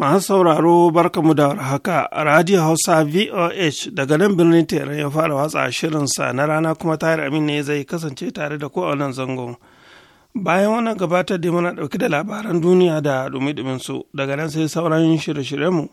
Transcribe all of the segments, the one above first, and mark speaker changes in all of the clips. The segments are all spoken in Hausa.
Speaker 1: Masu sauraro barkamu da haka Radio Hausa VOH daga nan birnin Teran ya fara watsa shirinsa na rana kuma tare amin ne zai kasance tare da ko wannan zangon. Bayan wannan gabatar da muna ɗauki da labaran duniya da dumi su daga nan sai sauran shirye-shiryenmu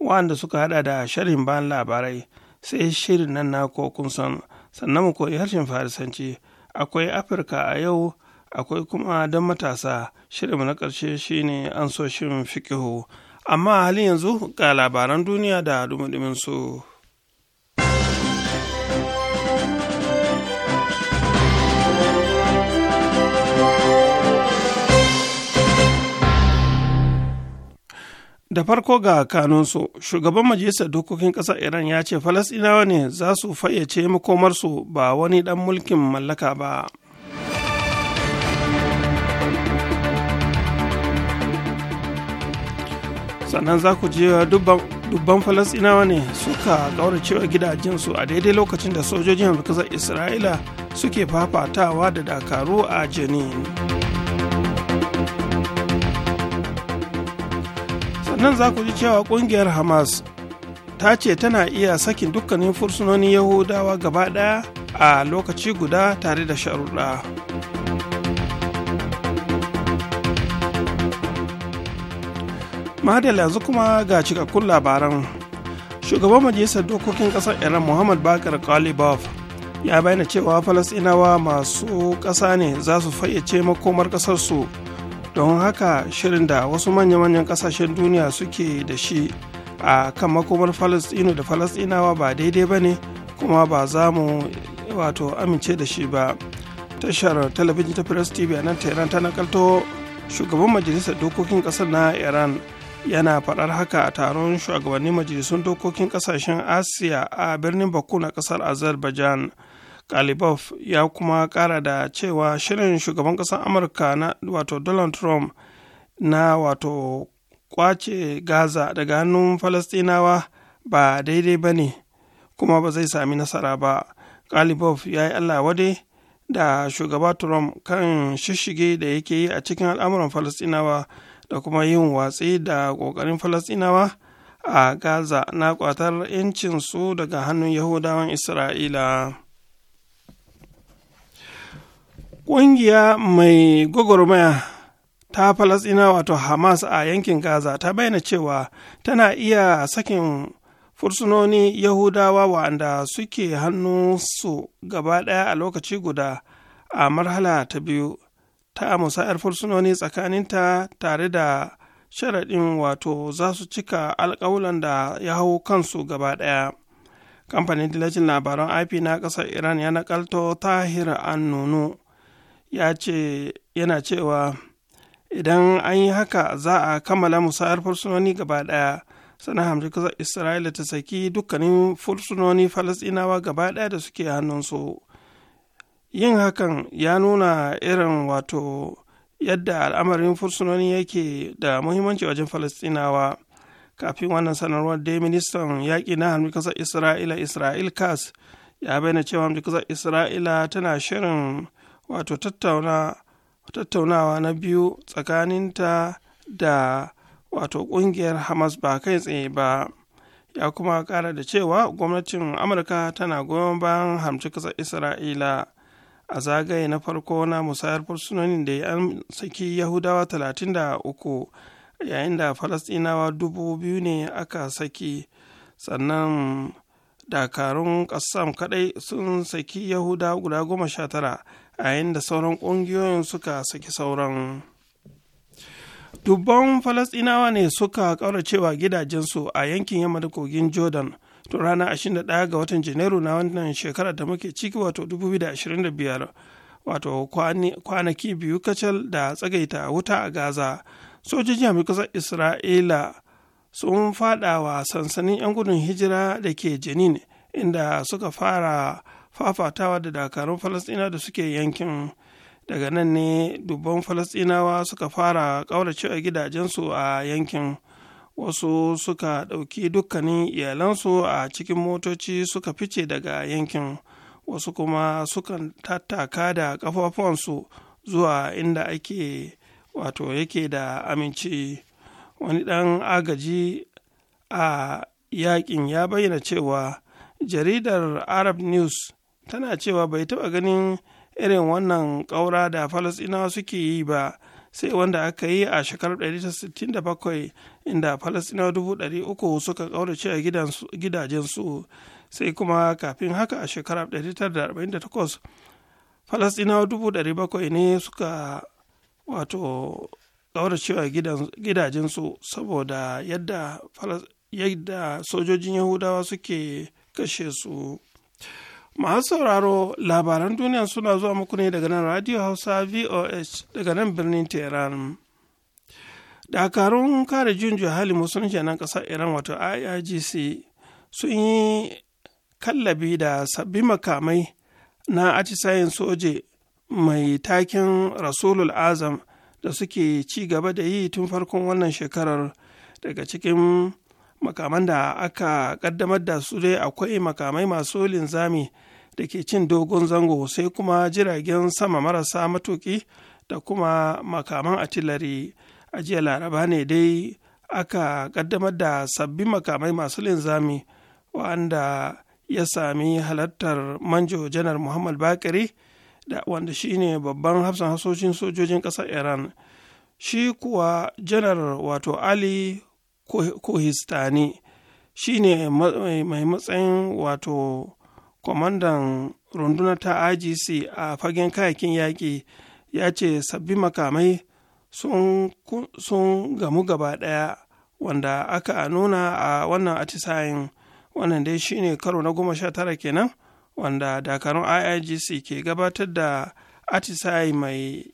Speaker 1: wanda suka hada da sharhin bayan labarai sai shirin nan na kun san sannan mu koyi harshen farisanci akwai Afirka a yau akwai kuma don matasa shirin mu na ƙarshe shine ansoshin fikihu. amma halin yanzu ga labaran duniya da dumudumin su. da farko ga kanunsu shugaban majalisar dokokin ƙasar iran ya ce falasɗinawa ne za su fayyace makomarsu ba wani ɗan mulkin mallaka ba sannan za ku je dubban falasinawa ne suka cewa gidajensu a daidai lokacin da sojojin hamdukasar isra'ila suke fafatawa da dakaru a jenin sannan za ku ji cewa ƙungiyar hamas ta ce tana iya sakin dukkanin fursunonin yahudawa gaba daya a lokaci guda tare da sharuɗa. madalla yanzu kuma ga cikakkun labaran shugaban majalisar dokokin kasar iran muhammad bakar kalibov ya bayyana cewa falasinawa masu ƙasa ne za su fayyace makomar ƙasarsu don haka shirin da wasu manya-manyan ƙasashen duniya suke da shi a kan makomar falasino da falasinawa ba daidai ba ne kuma ba za mu wato amince da shi ba tashar talabijin ta press tv a nan iran ta nakalto shugaban majalisar dokokin ƙasar na iran yana faɗar haka a taron shugabannin majalisun dokokin ƙasashen asiya a birnin baku na ƙasar azerbaijan kalibov ya kuma ƙara da cewa shirin shugaban ƙasar amurka na wato donald trump na wato kwace gaza daga hannun falastinawa ba daidai ba ne kuma ba zai sami nasara ba kalibov ya yi allah wade da shugaba trump kan shishige da yake yi a cikin al'amuran falastinawa da kuma yin watsi da ƙoƙarin falasɗinawa a gaza na ƙwatar 'yancinsu daga hannun yahudawan isra'ila ƙungiya mai gwagwarmaya ta falasɗina wato hamas a yankin gaza ta bayyana cewa tana iya sakin fursunoni yahudawa wa'anda suke hannunsu gaba ɗaya a lokaci guda a marhala ta biyu ta musayar fursunoni tsakaninta tare da sharaɗin wato za su cika alƙawulan da ya hau kansu gaba ɗaya kamfanin dillacin labaran ip na ƙasar iran ya nakalto tahir An annunu ya ce yana cewa idan an yi haka za a kammala musayar fursunoni gaba ɗaya sana hamshi isra'ila ta saki dukkanin fursunoni falasɗinawa gaba ɗaya da suke hannunsu yin hakan ya nuna irin wato yadda al'amarin fursunoni yake da muhimmanci wajen falastinawa kafin wannan sanarwar dai ministan yaƙi na hannun ƙasar isra'ila isra'il kas ya bayyana cewa hannun ƙasar isra'ila tana shirin wato tattaunawa na biyu tsakaninta da wato ƙungiyar hamas ba kai tsaye ba ya kuma kara da cewa gwamnatin amurka tana goyon bayan hamci ƙasar isra'ila a zagaye na farko na musayar fursunonin da ya saki yahudawa 33 yayin da falastinawa dubu biyu ne aka saki sannan dakarun kasam kadai sun saki yahuda guda goma sha tara yayin da sauran kungiyoyin suka saki sauran dubban falastinawa ne suka ƙauracewa gidajensu a yankin yamma da kogin jordan to ranar 21 ga watan janairu na wannan shekarar da muke ciki wato 2025 wato kwanaki biyu kacal da tsagaita wuta a gaza sojojin amurkasar isra'ila sun fada wa sansanin 'yan gudun hijira da ke jenin inda suka fara fafatawa da dakarun falasɗina da suke yankin daga nan ne dubban falasɗinawa suka fara ƙauracewa gidajensu a yankin wasu suka ɗauki dukkanin iyalansu a cikin motoci suka fice daga yankin wasu kuma suka tattaka da ƙafafuwansu zuwa inda ake wato yake da aminci wani ɗan agaji a yakin ya bayyana cewa jaridar arab news tana cewa bai taɓa ganin irin wannan ƙaura da falasɗinawa suke yi ba sai wanda aka yi a shekarar 1967 inda falasinawa 300 suka kaurace a gidajensu sai kuma kafin haka a shekarar 1948 falasinawa 700 ne suka wato a gidajensu saboda yadda sojojin yahudawa suke kashe su masu sauraro labaran duniya suna zuwa muku ne daga nan radio hausa voh daga nan birnin tehran dakarun kare juyin hali musulunci nan kasar iran wato irgc sun yi kallabi da sabbin makamai na atisayen soje mai takin rasulul azam da suke ci gaba da yi tun farkon wannan shekarar daga cikin makaman da aka kaddamar da su dai akwai makamai masu linzami da ke cin dogon zango sai kuma jiragen sama marasa matuki da kuma makaman atilari a jiya laraba ne dai aka ƙaddamar da sabbin makamai masu linzami wanda ya sami halartar manjo janar muhammad bakari da wanda shine babban hafsan hasoshin sojojin ƙasar iran shi kuwa janar wato ali kohistani shine mai matsayin wato kwamandan runduna ta igc a fagen kayakin yaƙi ya ce sabbin makamai sun gamu gaba ɗaya wanda aka nuna a wannan atisayin wannan dai shine karo na goma sha tara kenan wanda dakarun iigc ke gabatar da atisayi mai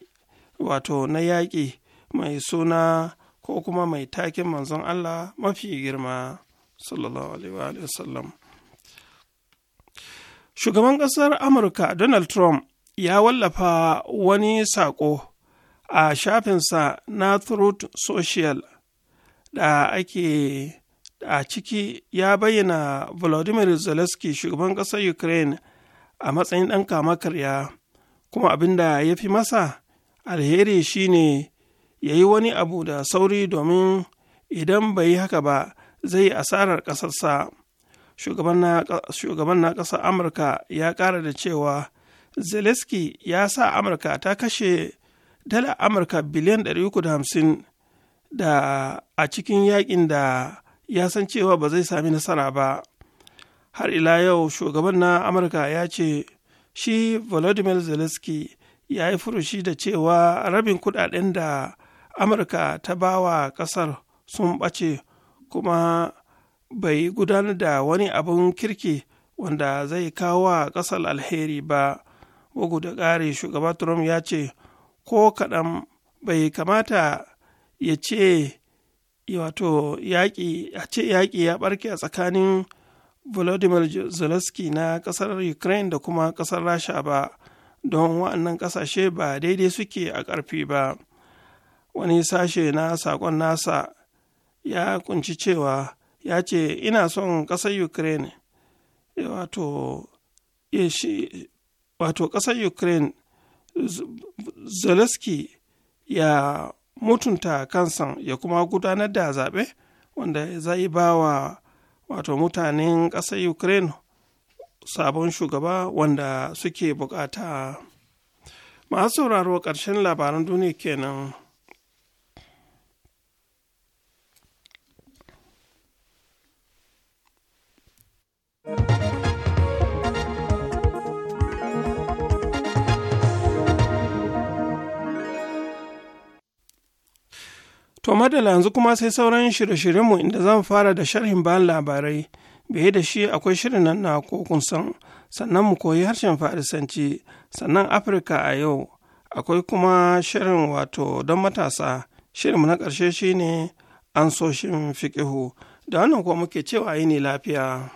Speaker 1: wato na yaƙi mai suna ko kuma mai takin manzon allah mafi girma sallallahu alaihi wa sallam. Shugaban ƙasar Amurka Donald Trump ya wallafa wani saƙo a shafinsa na Truth Social da ake a ciki ya bayyana Volodymyr Zelensky shugaban ƙasar Ukraine a matsayin ɗan kama karya kuma abin da ya fi masa alheri shine ya yi wani abu da sauri domin idan bai yi haka ba zai asarar ƙasarsa. shugaban na ƙasar amurka ya ƙara da cewa zelensky ya sa amurka ta kashe dala amurka biliyan 350 da a cikin yakin da ya san cewa ba zai sami nasara ba har ila yau shugaban na amurka ya ce shi volodymyr zelensky ya yi furushi da cewa rabin kudaden da amurka ta bawa kasar sun ɓace kuma bai gudanar da wani abin kirki wanda zai kawo wa ƙasar alheri ba bugu da ƙari shugaba trump ya ce ko kaɗan bai kamata ya ce wato yaƙi ce yaƙi ya ɓarke a tsakanin volodymyr zelensky na ƙasar ukraine da kuma ƙasar rasha ba don wa'annan ƙasashe ba daidai suke a ƙarfi ba wani sashe na saƙon nasa ya kunci cewa ya ce ina son ƙasar ukraine eh, wato eh, wato ƙasar ukraine zelensky ya mutunta kansa ya kuma gudanar da zaɓe wanda zai ba wa wato mutanen ƙasar ukraine sabon shugaba wanda suke bukata masu sauraro ƙarshen labaran duniya kenan. To madala yanzu kuma sai sauran shirye-shiryenmu inda zan fara da sharhin bayan labarai, biye da shi akwai shirin nan na kokun san, sannan mu koyi harshen Farisanci, sannan Afirka a yau, akwai kuma shirin wato don matasa, shirinmu na ƙarshe shine ansoshin fiƙihu, da wannan kuwa muke cewa yi ne lafiya.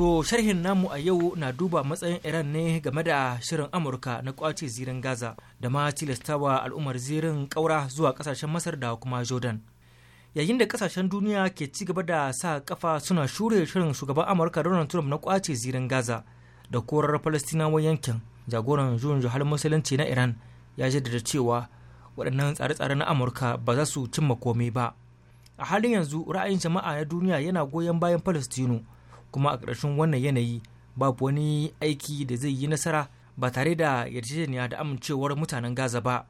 Speaker 2: To sharhin namu a yau na duba matsayin Iran ne game da shirin Amurka na kwace zirin Gaza da ma tilastawa al'ummar zirin kaura zuwa kasashen Masar da kuma Jordan. Yayin da kasashen duniya ke ci gaba da sa kafa suna shure shirin shugaban Amurka Donald Trump na kwace zirin Gaza da korar Falastinawan yankin jagoran juyin juhal musulunci na Iran ya jaddada cewa waɗannan tsare-tsare na Amurka ba za su cimma komai ba. A halin yanzu ra'ayin jama'a na duniya yana goyon bayan Falastinu. kuma a ƙarshen wannan yanayi babu wani aiki da zai yi nasara ba tare da yarjejeniya da amincewar mutanen gaza ba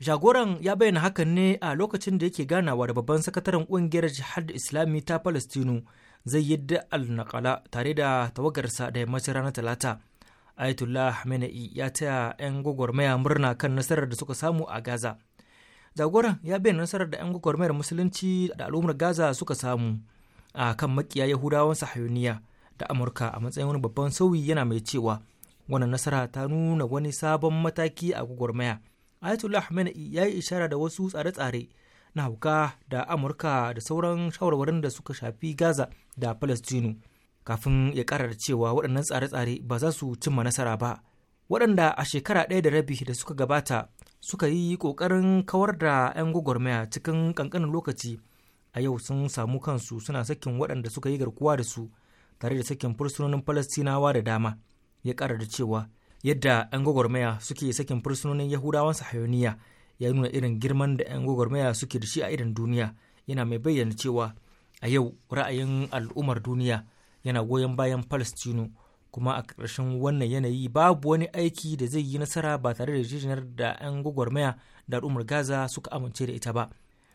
Speaker 2: jagoran ya bayyana hakan ne a lokacin da yake ganawa da babban sakataren ƙungiyar jihad islami ta palestinu yi al-naqala tare da tawagarsa da yammaci ranar talata ayatollah hamenei ya taya 'yan gwagwarmaya murna kan nasarar da suka samu a gaza jagoran ya bayyana nasarar da 'yan gwagwarmayar musulunci da al'ummar gaza suka samu a kan makiya yahudawan sahayuniya da amurka a matsayin wani babban sauyi yana mai cewa wannan nasara ta nuna wani sabon mataki a gwagwarmaya ayatollah khamenei ya yi ishara da wasu tsare-tsare na hauka da amurka da sauran shawarwarin da suka shafi gaza da palestino kafin ya kara da cewa waɗannan tsare-tsare ba za su cimma nasara ba waɗanda a shekara ɗaya da rabi da suka gabata suka yi ƙoƙarin kawar da 'yan gwagwarmaya cikin ƙanƙanin lokaci a yau sun samu kansu suna sakin waɗanda suka yi garkuwa da su tare da sakin fursunonin falastinawa da dama ya ƙara da cewa yadda 'yan gwagwarmaya suke sakin fursunonin yahudawan sahayoniya ya nuna irin girman da 'yan gwagwarmaya suke da shi a irin duniya yana mai bayyana cewa a yau ra'ayin al'ummar duniya yana goyon bayan palestino kuma a ƙarshen wannan yanayi babu wani aiki da zai yi nasara ba tare da jijiyar da 'yan gwagwarmaya da al'ummar gaza suka amince da ita ba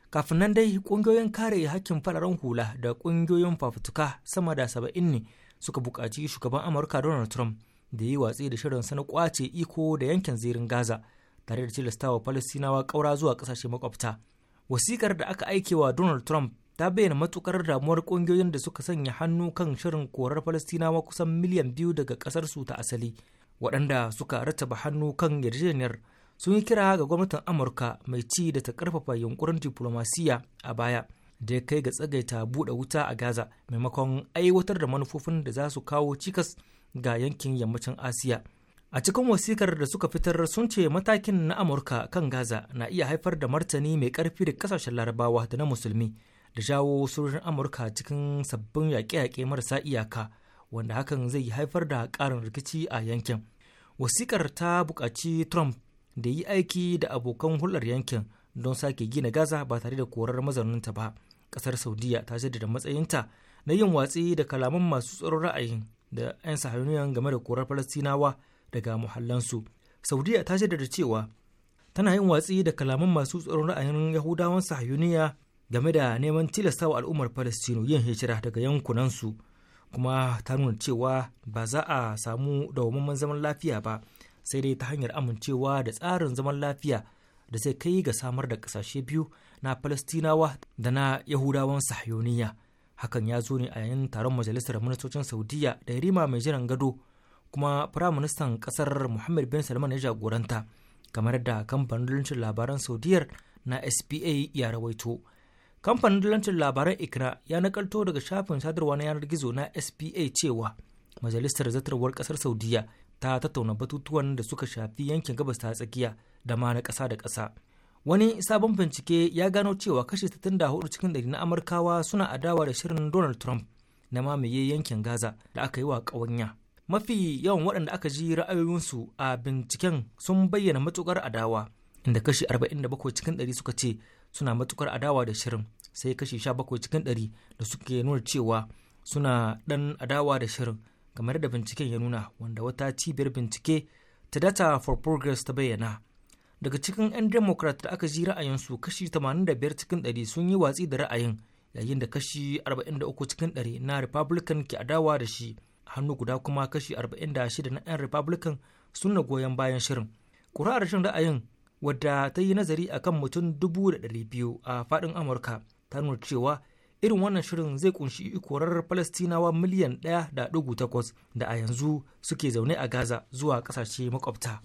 Speaker 2: kafin nan dai kungiyoyin kare hakkin fararen hula da kungiyoyin fafutuka sama da saba'in ne suka buƙaci shugaban amurka donald trump da yi watsi da shirin sana kwace iko da yankin zirin gaza tare da tilastawa falastinawa ƙaura zuwa ƙasashe makwabta wasikar da aka aike wa donald trump ta bayyana matukar damuwar kungiyoyin da suka sanya hannu kan shirin korar falastinawa kusan miliyan biyu daga ƙasarsu ta asali waɗanda suka rattaba hannu kan yarjejeniyar sun yi kira ga gwamnatin amurka mai ci da ta karfafa yunkurin diplomasiya a baya da ya kai ga tsagaita buɗe wuta a gaza maimakon aiwatar da manufofin da za su kawo cikas ga yankin yammacin asiya a cikin wasikar da suka fitar sun ce matakin na amurka kan gaza na iya haifar da martani mai karfi da kasashen larabawa da na musulmi da jawo sojojin amurka cikin sabbin yaƙe-yaƙe marasa iyaka wanda hakan zai haifar da ƙarin rikici a yankin wasikar ta buƙaci trump da yi aiki da abokan hular yankin don sake gina gaza ba tare da korar mazauninta ba kasar saudiya ta jaddada matsayinta na yin watsi da kalaman masu tsaron ra'ayin da 'yan sahariyar game da korar falastinawa daga muhallansu saudiya ta jaddada cewa tana yin watsi da kalaman masu tsaron ra'ayin yahudawan sahariyar game da neman tilastawa al'ummar falastino yin hijira daga yankunansu kuma ta nuna cewa ba za a samu dawamamman zaman lafiya ba sai dai ta hanyar amincewa da tsarin zaman lafiya da zai kai ga samar da ƙasashe biyu na Falastinawa da na Yahudawan Sahiyoniya. Hakan ya zo ne a yayin taron Majalisar Ministocin Saudiya da Rima mai jiran gado kuma Firaministan kasar Muhammad bin Salman ya jagoranta kamar da kamfanin labaran Saudiyar na SPA ya rawaito. Kamfanin dalancin labaran Ikra ya nakalto daga shafin sadarwa na yanar gizo na SPA cewa Majalisar Zartarwar Ƙasar Saudiya ta tattauna batutuwan da suka shafi yankin gabas ta tsakiya da ma na ƙasa da ƙasa. Wani sabon bincike ya gano cewa kashi 64 cikin ɗari na Amurkawa suna adawa da shirin Donald Trump na mamaye yankin Gaza da aka yi wa ƙawanya. Mafi yawan waɗanda aka ji ra'ayoyinsu a binciken sun bayyana matukar adawa, inda kashi 47 cikin ɗari suka ce suna matukar adawa da shirin, sai kashi 17 cikin ɗari da suke nuna cewa suna ɗan adawa da shirin. kamar da binciken ya nuna wanda wata cibiyar bincike ta data for progress ta bayyana daga cikin 'yan democrat da aka ji ra'ayinsu kashi 85 cikin 100 sun yi watsi da ra'ayin yayin da kashi 43 cikin 100 na republican ke adawa da shi hannu guda kuma kashi 46 na 'yan republican sun na goyon bayan shirin kuri'ar shirin ra'ayin wadda ta yi nazari akan mutum 200,000 a faɗin amurka ta nuna cewa irin wannan shirin zai kunshi ikorar falastinawa miliyan 1.8 da a yanzu suke zaune a gaza zuwa kasashe makwabta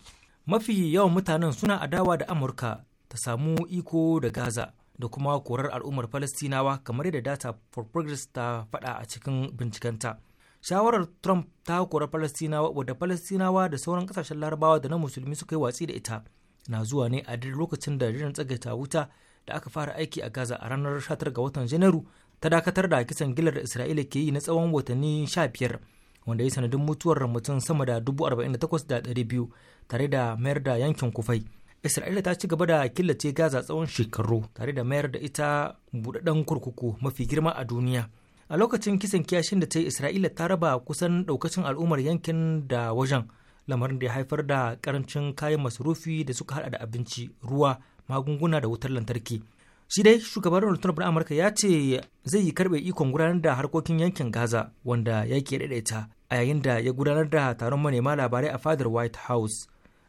Speaker 2: mafi yawan mutanen suna adawa da amurka ta samu iko da gaza da kuma korar al'ummar falastinawa kamar yadda data for progress ta faɗa a cikin bincikenta shawarar trump ta korar falastinawa wadda falastinawa da sauran kasashen larabawa da na musulmi suka yi watsi da ita na zuwa ne a lokacin da jiran tsagaita wuta da aka fara aiki a Gaza a ranar 19 ga watan Janairu ta dakatar da kisan gilar da Isra'ila ke yi na tsawon watanni 15 wanda ya sanadin mutuwar mutum sama da 48,200 tare da mayar da yankin kufai. Isra'ila ta ci gaba da killace Gaza tsawon shekaru tare da mayar da ita buɗaɗɗen kurkuku mafi girma a duniya. A lokacin kisan kiyashin da ta yi Isra'ila ta raba kusan ɗaukacin al'ummar yankin da wajen lamarin da ya haifar da karancin kayan masarufi da suka hada da abinci, ruwa, magunguna da wutar lantarki shi dai shugaban donald trump na amurka ya ce zai yi karbe ikon gudanar da harkokin yankin gaza wanda yake daidaita a yayin da ya gudanar da taron manema labarai a fadar white house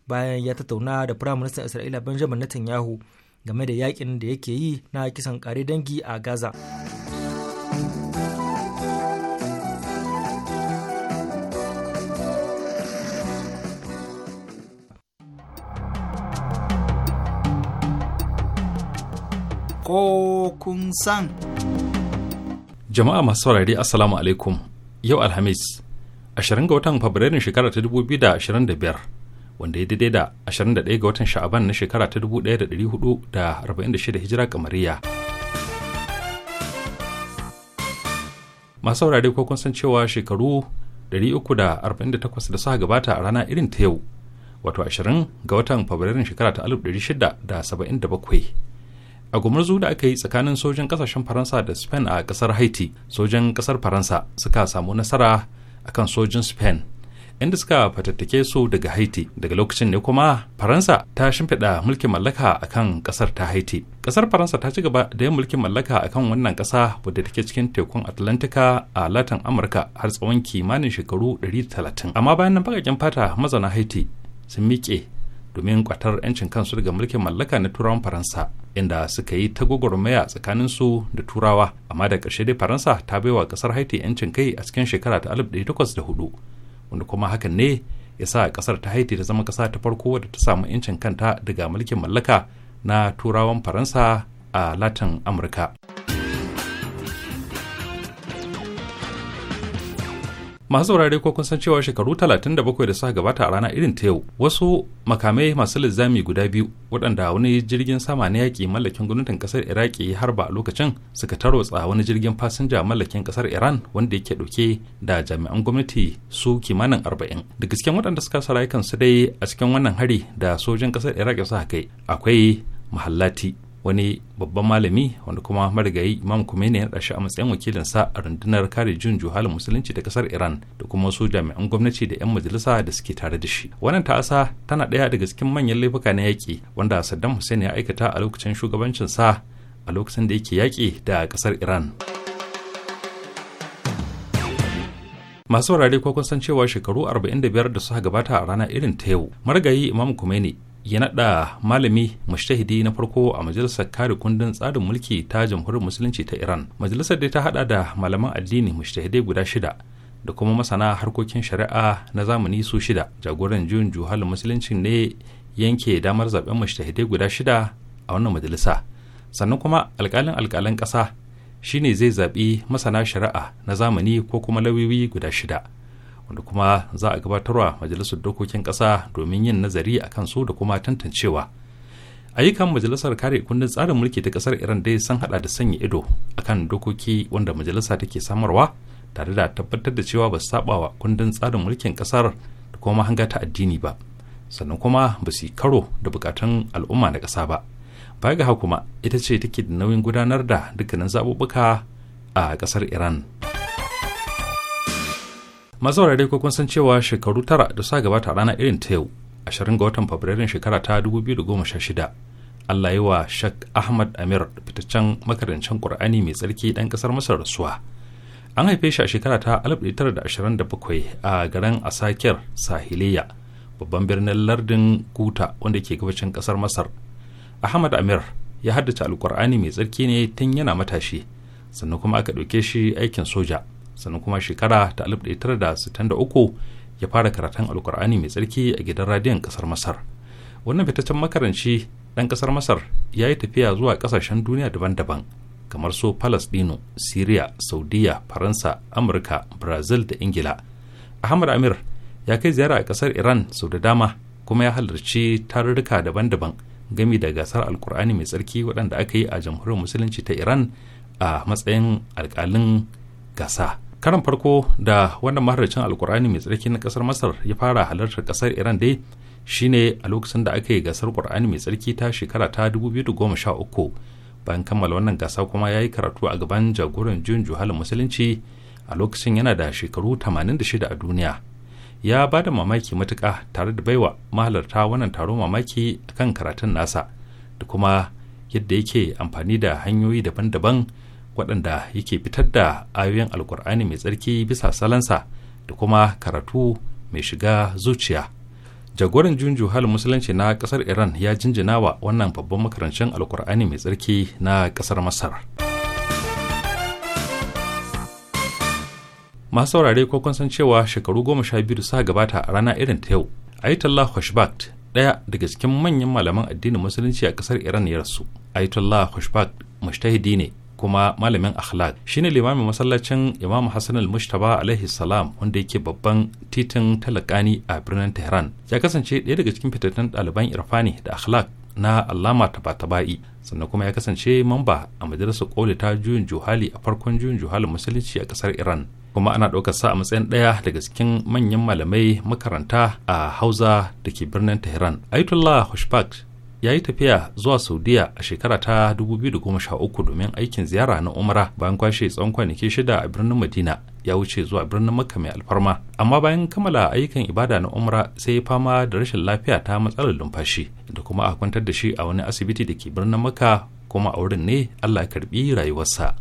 Speaker 2: bayan ya tattauna da ministan isra'ila benjamin netanyahu game da yakin da yake yi na kisan kare dangi a gaza ko kun san.
Speaker 3: Jama'a masu saurari Assalamu alaikum yau Alhamis 20 ga watan Fabrairun shekara ta 2025 wanda ya daidai da 21 ga watan Sha'aban na shekara ta 1446 hijira kamariya. Masu saurari ko kun san cewa shekaru 348 da suka gabata a rana irin ta yau wato 20 ga watan Fabrairun shekara ta 1677 a gumurzu da aka yi tsakanin sojin kasashen faransa da spain a kasar haiti sojan kasar faransa suka samu nasara akan sojin spain inda suka fatattake su daga haiti daga lokacin ne kuma faransa ta shimfiɗa mulkin mallaka akan kasar ta haiti kasar faransa ta ci gaba da yin mulkin mallaka akan wannan kasa wadda take cikin tekun atlantika a latin amurka har tsawon kimanin shekaru 130 amma bayan nan bakakin fata mazana haiti sun miƙe domin kwatar 'yancin kansu daga mulkin mallaka na turawan faransa inda suka yi ta gwagwarmaya tsakanin su da turawa amma da ƙarshe dai faransa ta baiwa ƙasar haiti 'yancin kai a cikin shekara ta 1804 wanda kuma hakan ne ya sa ƙasar ta haiti ta zama ƙasa ta farko wadda ta samu 'yancin kanta daga mulkin mallaka na turawan faransa a latin amurka masu saurare ko kun san cewa shekaru 37 da suka gabata a rana irin ta yau wasu makamai masu lizami guda biyu waɗanda wani jirgin sama na yaƙi mallakin gwamnatin ƙasar iraki ya harba a lokacin suka tarotsa wani jirgin fasinja mallakin ƙasar iran wanda yake ɗauke da jami'an gwamnati su kimanin arba'in da gasken waɗanda suka sa su dai a cikin wannan hari da sojin ƙasar iraki suka kai akwai mahallati wani babban malami wanda kuma marigayi imam kumene ya ɗashi a matsayin sa a rundunar kare jin halin musulunci da kasar iran da kuma wasu jami'an gwamnati da 'yan majalisa da suke tare da shi wannan ta'asa tana ɗaya daga cikin manyan laifuka na yaƙi wanda saddam hussein ya aikata a lokacin sa a lokacin da yake yaƙi da kasar iran masu wurare ko kun san cewa shekaru 45 da suka gabata a rana irin ta yau marigayi imam kumene ya naɗa malami mashtahidi na farko a majalisar kare kundin tsarin mulki ta jamhuriyar musulunci ta iran majalisar dai ta hada da malaman addini mushtahidai guda shida da kuma masana harkokin shari'a na zamani su shida jagoran juyin juhal musulunci ne yanke damar zaben mushtahidai guda shida a wannan majalisa sannan kuma alkalin alkalin ƙasa shine zai zaɓi masana shari'a na zamani ko kuma lauyoyi guda shida wanda kuma za a gabatar wa majalisar dokokin kasa domin yin nazari a kansu da kuma tantancewa ayyukan majalisar kare kundin tsarin mulki ta kasar iran dai sun hada da sanya ido akan dokoki wanda majalisa take samarwa tare da tabbatar da cewa ba su saba wa kundin tsarin mulkin ƙasar da kuma mahanga ta addini ba sannan kuma ba su karo da bukatun al'umma na kasa ba baya ga ma ita ce take da nauyin gudanar da dukkanin zaɓuɓɓuka a kasar iran. mazaurare ko kun san cewa shekaru tara da sa gabata rana irin ta yau 20 ga watan fabrairun shekara ta shida Allah yi wa Shak Ahmad Amir fitaccen makarancin Qur'ani mai tsarki ɗan kasar Masar rasuwa. An haife shi a shekara ta bakwai a garin Asakir Sahiliya, babban birnin lardin Kuta wanda ke gabacin kasar Masar. Ahmad Amir ya haddace alkur'ani mai tsarki ne tun yana matashi, sannan kuma aka ɗauke shi aikin soja. sannan kuma shekara ta da uku ya fara karatun alkur'ani mai tsarki a gidan radiyon kasar masar wannan fitaccen makaranci ɗan ƙasar masar ya yi tafiya zuwa ƙasashen duniya daban-daban kamar su palestino syria saudiya faransa amurka brazil da ingila ahmad amir ya kai ziyara a ƙasar iran sau da dama kuma ya halarci tarurruka daban-daban gami da gasar alkur'ani mai tsarki waɗanda aka yi a jamhuriyar musulunci ta iran a matsayin alƙalin gasa karan farko da wannan maharacin alkur'ani mai tsarki na kasar masar ya fara halartar kasar iran dai shine a lokacin da aka yi gasar kur'ani mai tsarki ta shekara ta 2013 bayan kammala wannan gasa kuma ya yi karatu a gaban jagoran jin juhalin musulunci a lokacin yana da shekaru 86 a duniya ya ba da mamaki matuka tare da baiwa mahalarta wannan taron mamaki kan karatun nasa da kuma yadda yake amfani da hanyoyi daban-daban waɗanda yake fitar da ayoyin alkur'ani mai tsarki bisa salansa da kuma karatu mai shiga zuciya jagoran junju hal musulunci na ƙasar iran ya jinjina wa wannan babban makarancin alkur'ani mai tsarki na ƙasar masar masu saurare ko kun san cewa shekaru goma sha biyu suka gabata a rana irin ta yau ayatollah hushbakt ɗaya daga cikin manyan malaman addinin musulunci a ƙasar iran ya rasu ayatollah hushbakt mushtahidi ne kuma malamin akhlaq shine limamin masallacin imamu hassan al-mushtaba alaihi salam wanda yake babban titin talakani a birnin tehran ya kasance ɗaya daga cikin fitattun ɗaliban irfani da akhlaq na alama taba sannan kuma ya kasance mamba a majalisar koli ta juyin juhali a farkon juyin juhalin musulunci a ƙasar iran kuma ana ɗaukar sa a matsayin ɗaya daga cikin manyan malamai makaranta a hauza da ke birnin tehran ayatollah hushbakt ya yi tafiya zuwa saudiya a shekara ta 2013 domin aikin ziyara na umara bayan kwashe tsawon kwanaki shida a birnin madina ya wuce zuwa birnin makka mai alfarma amma bayan kammala ayyukan ibada na umra sai fama da rashin lafiya ta matsalar numfashi, da kuma a kwantar da shi a wani asibiti da ke birnin makka kuma a wurin ne allah ya karbi rayuwarsa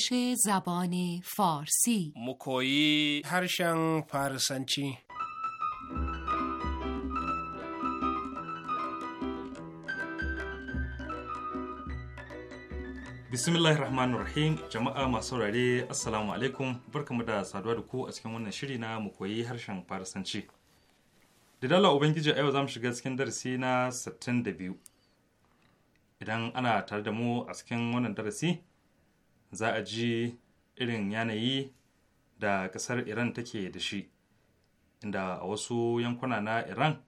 Speaker 4: آموزش زبان فارسی
Speaker 5: مکویی هرشن فارسنچی
Speaker 3: bismillahir rahim jama'a masu saurare assalamu alaikum barkamu da saduwa da ku a cikin wannan shiri na mu koyi harshen farisanci da dala ubangiji a yau za mu shiga cikin darasi na 62 idan ana tare da mu a cikin wannan darasi za a ji irin yanayi da ƙasar Iran take da shi, inda a wasu yankuna na Iran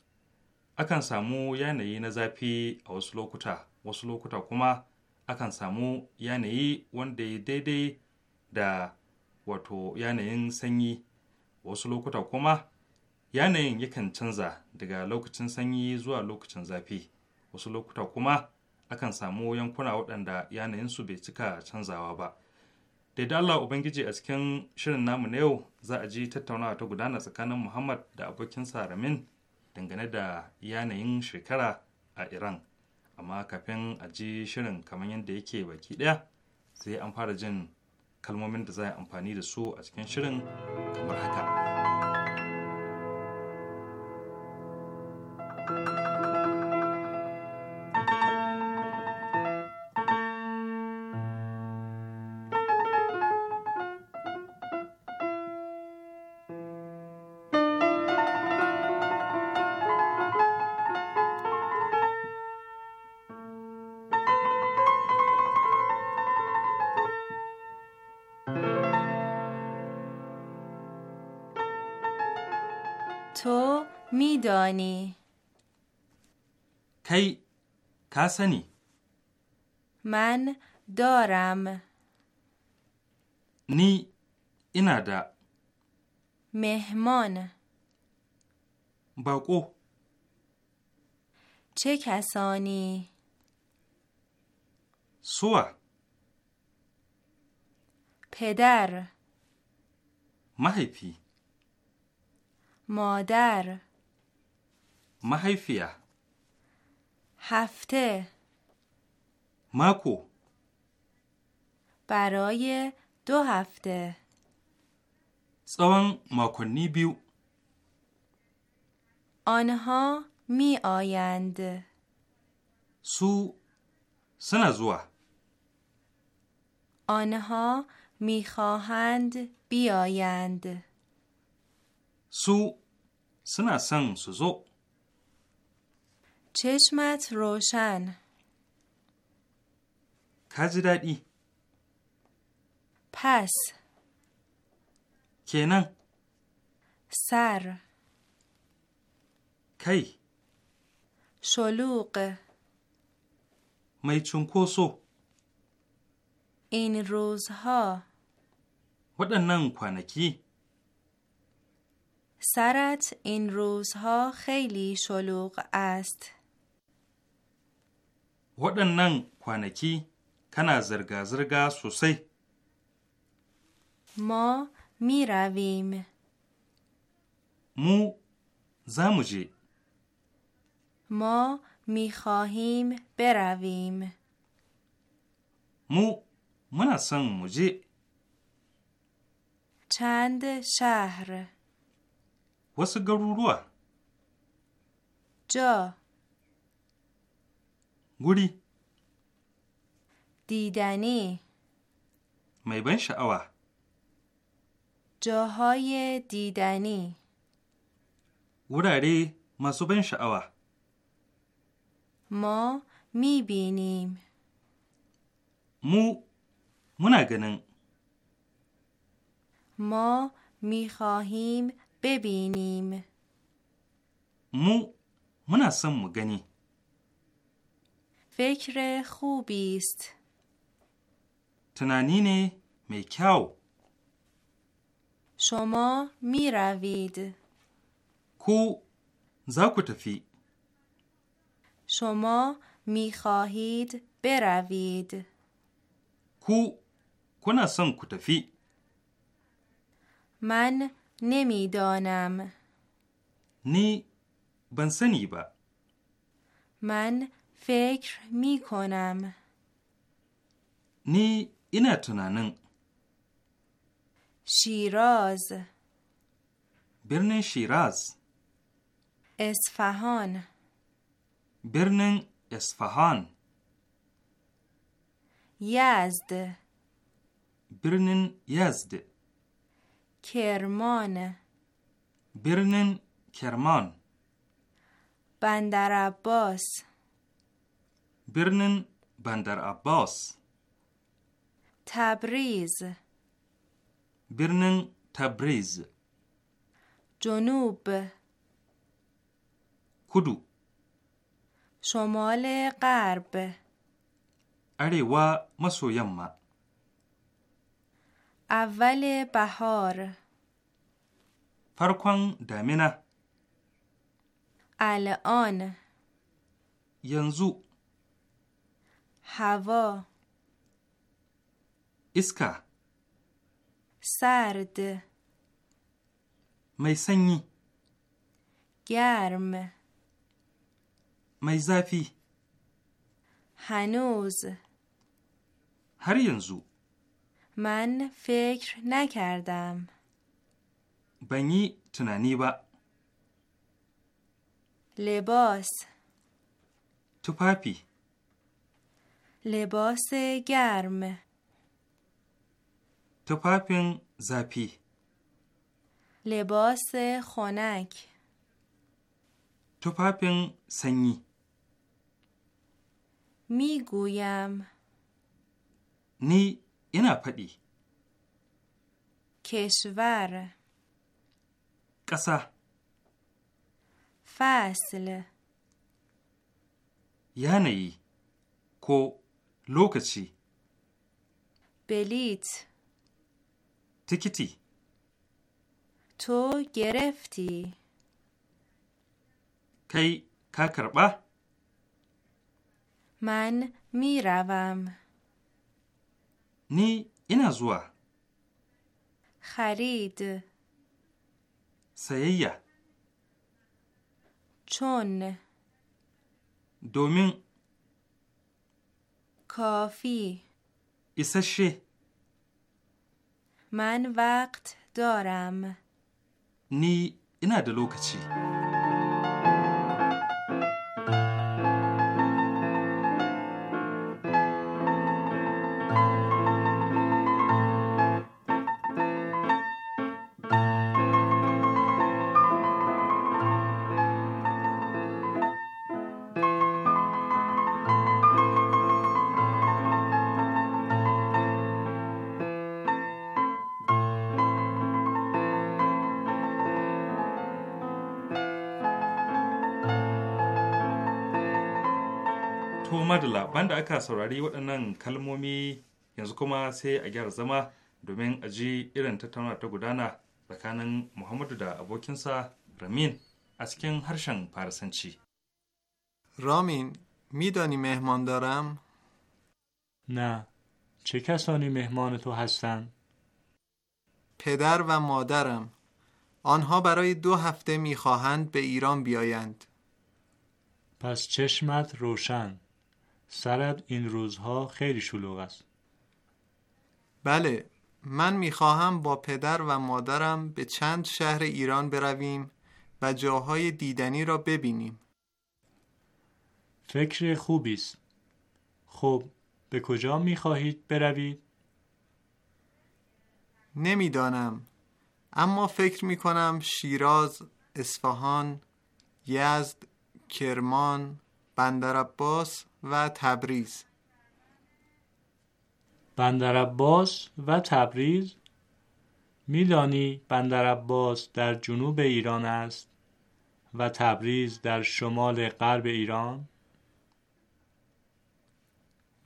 Speaker 3: akan samu yanayi na zafi a wasu lokuta, wasu lokuta kuma akan samu yanayi wanda ya daidai da wato yanayin sanyi, wasu lokuta kuma yanayin yakan canza daga lokacin sanyi zuwa lokacin zafi, wasu lokuta kuma akan samu yankuna waɗanda yanayinsu bai cika canzawa ba da Allah Ubangiji a cikin shirin namu na yau za a ji tattaunawa ta gudana tsakanin Muhammad da abokinsa Ramin dangane da yanayin shekara a Iran. Amma kafin a ji shirin kamar yadda yake baki ɗaya sai an fara jin kalmomin da za a yi amfani da su a cikin shirin kamar haka. حسنی
Speaker 4: من دارم
Speaker 3: نی اینادا
Speaker 4: مهمان باقو چه کسانی؟ سوا پدر محیفی مادر
Speaker 3: محیفیه
Speaker 4: هفته ماکو برای دو هفته
Speaker 3: سوان ماکنی بیو
Speaker 4: آنها می آیند سو
Speaker 3: سنزوا
Speaker 4: آنها می میخواهند بیایند
Speaker 3: سو سنا سن سوزو
Speaker 4: چشمت روشن
Speaker 3: کجرادی پس کنن
Speaker 4: سر کی شلوغ
Speaker 3: چون کوسو،
Speaker 4: این روزها
Speaker 3: waɗannan کنکی؟
Speaker 4: سرت این روزها خیلی شلوغ است.
Speaker 3: waɗannan kwanaki kana zirga-zirga sosai.
Speaker 4: Ma mira veme.
Speaker 3: Mu za mu je.
Speaker 4: Ma mi khahim beravim.
Speaker 3: Mu muna son mu je.
Speaker 4: Chand shahr.
Speaker 3: Wasu garuruwa. Jo. guri
Speaker 4: didane
Speaker 3: mai ban sha'awa
Speaker 4: jahoye didane
Speaker 3: wurare masu ban sha'awa
Speaker 4: ma mi binim
Speaker 3: mu muna ganin
Speaker 4: ma mi khahim ببینیم
Speaker 3: مو منا سم گنی
Speaker 4: فکر خوبی است.
Speaker 3: تنانین میکاو
Speaker 4: شما می روید. کو
Speaker 3: زاکو تفی
Speaker 4: شما می خواهید بروید.
Speaker 3: کو کنا سن کو تفی
Speaker 4: من نمیدانم.
Speaker 3: نی بنسنی با
Speaker 4: من فکر می کنم
Speaker 3: نی اینا تنانن
Speaker 4: شیراز
Speaker 3: برن شیراز
Speaker 4: اسفهان
Speaker 3: برن اسفهان
Speaker 4: یزد
Speaker 3: برن یزد
Speaker 4: کرمان
Speaker 3: برن کرمان
Speaker 4: بندر عباس
Speaker 3: برنن بندر عباس
Speaker 4: تبریز
Speaker 3: برنن تبریز
Speaker 4: جنوب کدو شمال غرب
Speaker 3: و مسو یما
Speaker 4: اول بهار
Speaker 3: فرکان دامنه
Speaker 4: الان ینزو هوا اسکا سرد
Speaker 3: میسنی
Speaker 4: گرم
Speaker 3: میزافی
Speaker 4: هنوز
Speaker 3: هر ینزو
Speaker 4: من فکر نکردم
Speaker 3: بنی تنانی با
Speaker 4: لباس پاپی. لباس گرم
Speaker 3: توپاپین زپی
Speaker 4: لباس خنک
Speaker 3: توپاپین سنی
Speaker 4: میگویم
Speaker 3: نی اینا پدی
Speaker 4: کشور قصه فصل
Speaker 3: یعنی کو لوکچی بلیت تیکیتی
Speaker 4: تو گرفتی
Speaker 3: کی کا کربا
Speaker 4: من میروم
Speaker 3: نی اینا زوا
Speaker 4: خرید
Speaker 3: سیه
Speaker 4: چون دومین کافی
Speaker 3: ایسشی
Speaker 4: من وقت دارم
Speaker 3: نی اینا دلوکچی bayan da aka saurari waɗannan kalmomi yanzu kuma sai a gyara zama domin a ji irin tattauna ta gudana tsakanin muhammadu da abokinsa ramin
Speaker 6: a cikin harshen farisanci رامین میدانی مهمان دارم؟
Speaker 7: نه چه کسانی مهمان تو هستند؟
Speaker 6: پدر و مادرم آنها برای دو هفته میخواهند به ایران بیایند
Speaker 7: پس چشمت روشن سرد این روزها خیلی شلوغ است
Speaker 6: بله من میخواهم با پدر و مادرم به چند شهر ایران برویم و
Speaker 7: جاهای دیدنی را ببینیم فکر خوبی است خب به کجا میخواهید بروید
Speaker 6: نمیدانم اما فکر کنم شیراز اصفهان یزد کرمان بندرعباس و
Speaker 7: تبریز بندر و تبریز میدانی بندر در جنوب ایران است و تبریز در شمال غرب ایران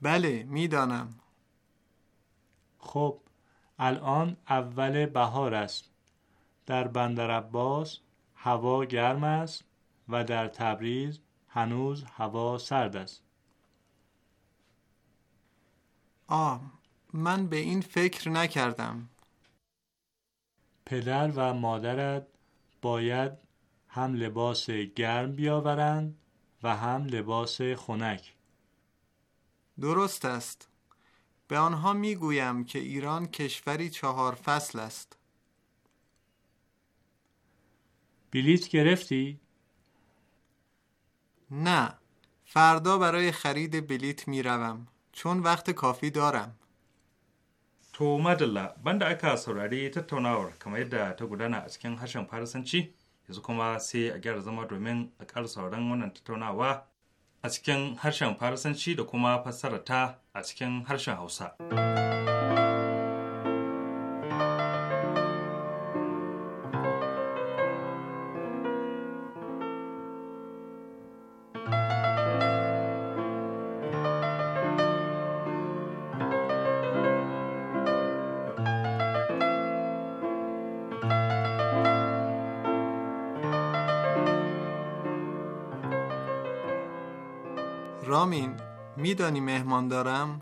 Speaker 7: بله میدانم خب الان اول بهار است در بندر هوا گرم است و در تبریز هنوز هوا سرد است آ من به این فکر نکردم پدر و مادرت باید هم لباس گرم بیاورند و هم لباس خنک درست است به آنها میگویم که ایران کشوری
Speaker 6: چهار فصل است بلیت گرفتی؟ نه فردا برای خرید بلیت میروم چون وقت کافی دارم. To madalla
Speaker 3: banda aka saurari tattaunawar kamar yadda ta gudana a cikin harshen Faransanci, yanzu kuma sai a gyara zama domin a ƙara sauran wannan tattaunawa a cikin harshen Faransanci da kuma fassarata a cikin harshen Hausa.
Speaker 6: میدانی
Speaker 7: مهمان دارم؟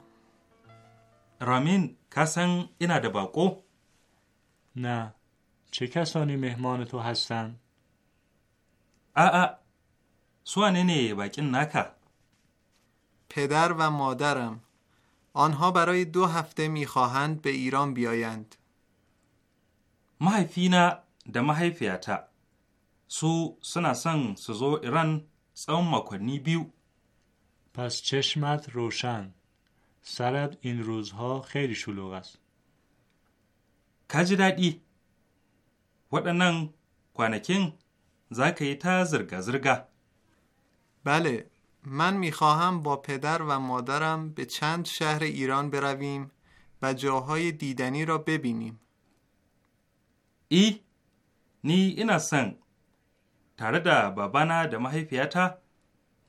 Speaker 7: رامین کسن اینا باکو؟ نه چه کسانی مهمان تو هستن؟ آ سوانه نه باکن نکه پدر
Speaker 6: و مادرم آنها برای دو هفته میخواهند به ایران بیایند فینا ده فیاتا. سو
Speaker 7: سنا سزو ایران سوم مکنی بیو. پس چشمت روشن سرت این روزها خیلی شلوغ است کجی دادی waɗannan kwanakin za
Speaker 6: زرگا زرگا. بله من میخواهم با پدر و مادرم به چند شهر ایران برویم و جاهای دیدنی را ببینیم. ای نی اینا سن
Speaker 3: تاره بابانا دا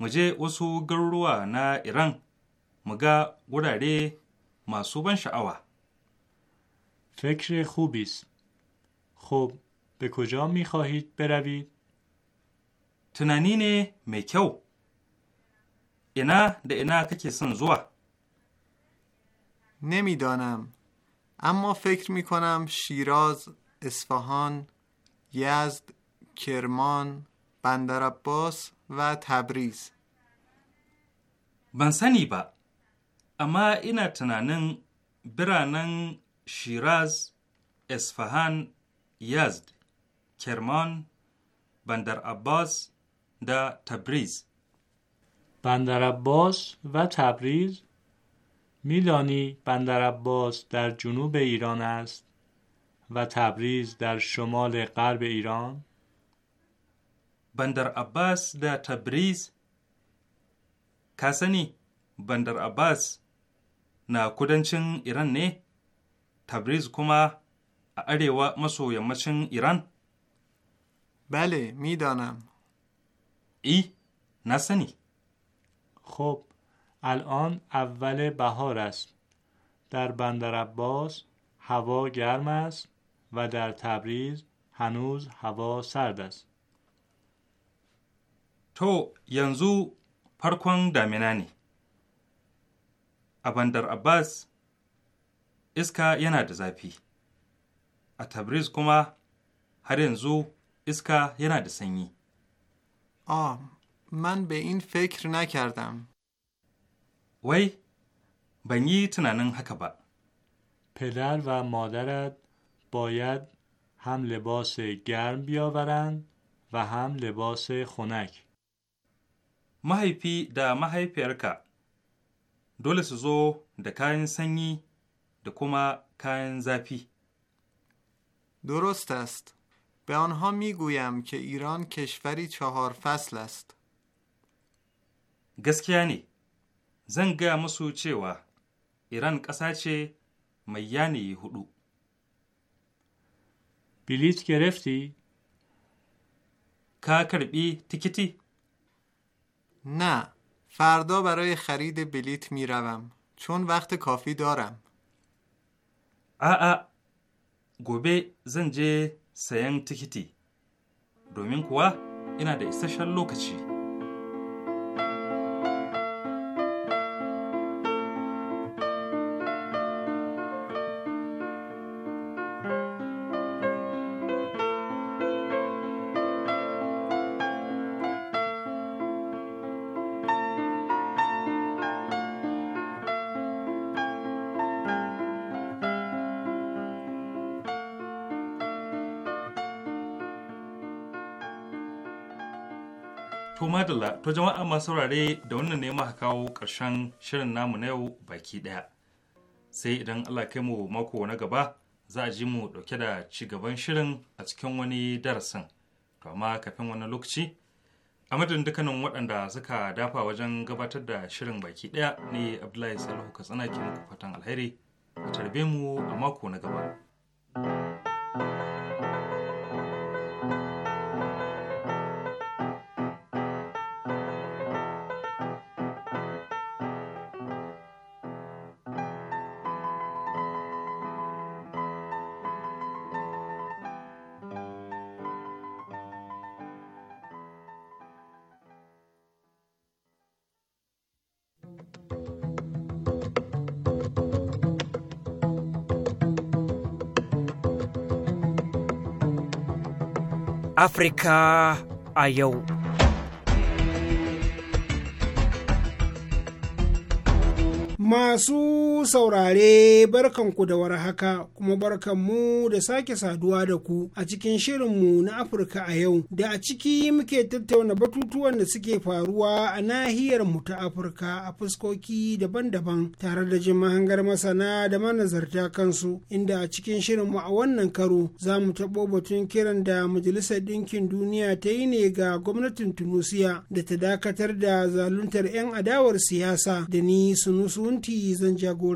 Speaker 3: مجه je wasu نه ایران، Iran
Speaker 7: mu ga wurare فکر خوبی است. خب به کجا می خواهید بروید؟ تنانین میکو اینا ده اینا که
Speaker 6: سنزوا نمیدانم اما فکر می کنم شیراز، اصفهان، یزد، کرمان، بندرباس و تبریز بن
Speaker 3: با اما اینا تنانن برانن شیراز اصفهان یزد کرمان بندر
Speaker 7: عباس ده تبریز بندر و تبریز میلانی بندر عباس در جنوب ایران است و تبریز در شمال غرب ایران بندر عباس دا تبریز کاسنی
Speaker 3: بندر عباس نه کودنچن ایران ایران تبریز کما kuma و مسو maso ایران بله میدانم
Speaker 7: ای نسنی خب الان اول بهار است در بندر عباس هوا گرم است و در تبریز هنوز هوا سرد است تو ینزو پرکون دامنانی
Speaker 3: ابندر عباس اسکا ینا da zafi a tabriz kuma هر yanzu iska yana da sanyi
Speaker 6: آ من به این فکر نکردم
Speaker 7: وی ban yi tunanin haka پدر و مادرت باید هم لباس گرم بیاورند و هم لباس خنک Mahaifi da mahaifiyarka,
Speaker 6: dole su zo da kayan sanyi da kuma kayan zafi. The Rostast: Balmahamy guyan ke Iran kish farin shahar fastlast. Gaskiya ne, zan
Speaker 3: ga musu cewa Iran kasa ce mai yanayi huɗu.
Speaker 6: Bilic ke rift? Ka karɓi tikiti? نه فردا برای خرید بلیت می روم چون وقت کافی دارم آ آ
Speaker 3: گوبه زنجه سین تکیتی دومین کوا اینا ده استشن لوکچی To madalla, to jama'a masu saurare da wannan ne muka kawo ƙarshen shirin namu na yau baki ɗaya. Sai idan Allah kai mu mako na gaba za a ji mu ɗauke da ci gaban shirin a cikin wani darasin. To amma kafin wani lokaci, a madadin dukkanin waɗanda suka dafa wajen gabatar da shirin baki ɗaya ne Abdullahi Salihu Katsina ki muku fatan alheri. A tarbe mu a mako na gaba. thank you
Speaker 2: Afirka a yau.
Speaker 8: Masu saurare barkanku da warhaka kuma barkanmu da sake saduwa da ku a cikin shirinmu na Afirka a yau da a ciki muke tattauna batutuwan da suke faruwa a nahiyar mu ta Afirka a fuskoki daban-daban tare da jin mahangar masana da manazarta kansu inda a cikin shirinmu a wannan karo za mu taɓo batun kiran da Majalisar Ɗinkin Duniya ta yi ne ga gwamnatin Tunisia. da ta dakatar da zaluntar 'yan adawar siyasa da ni sunusunti zan jagora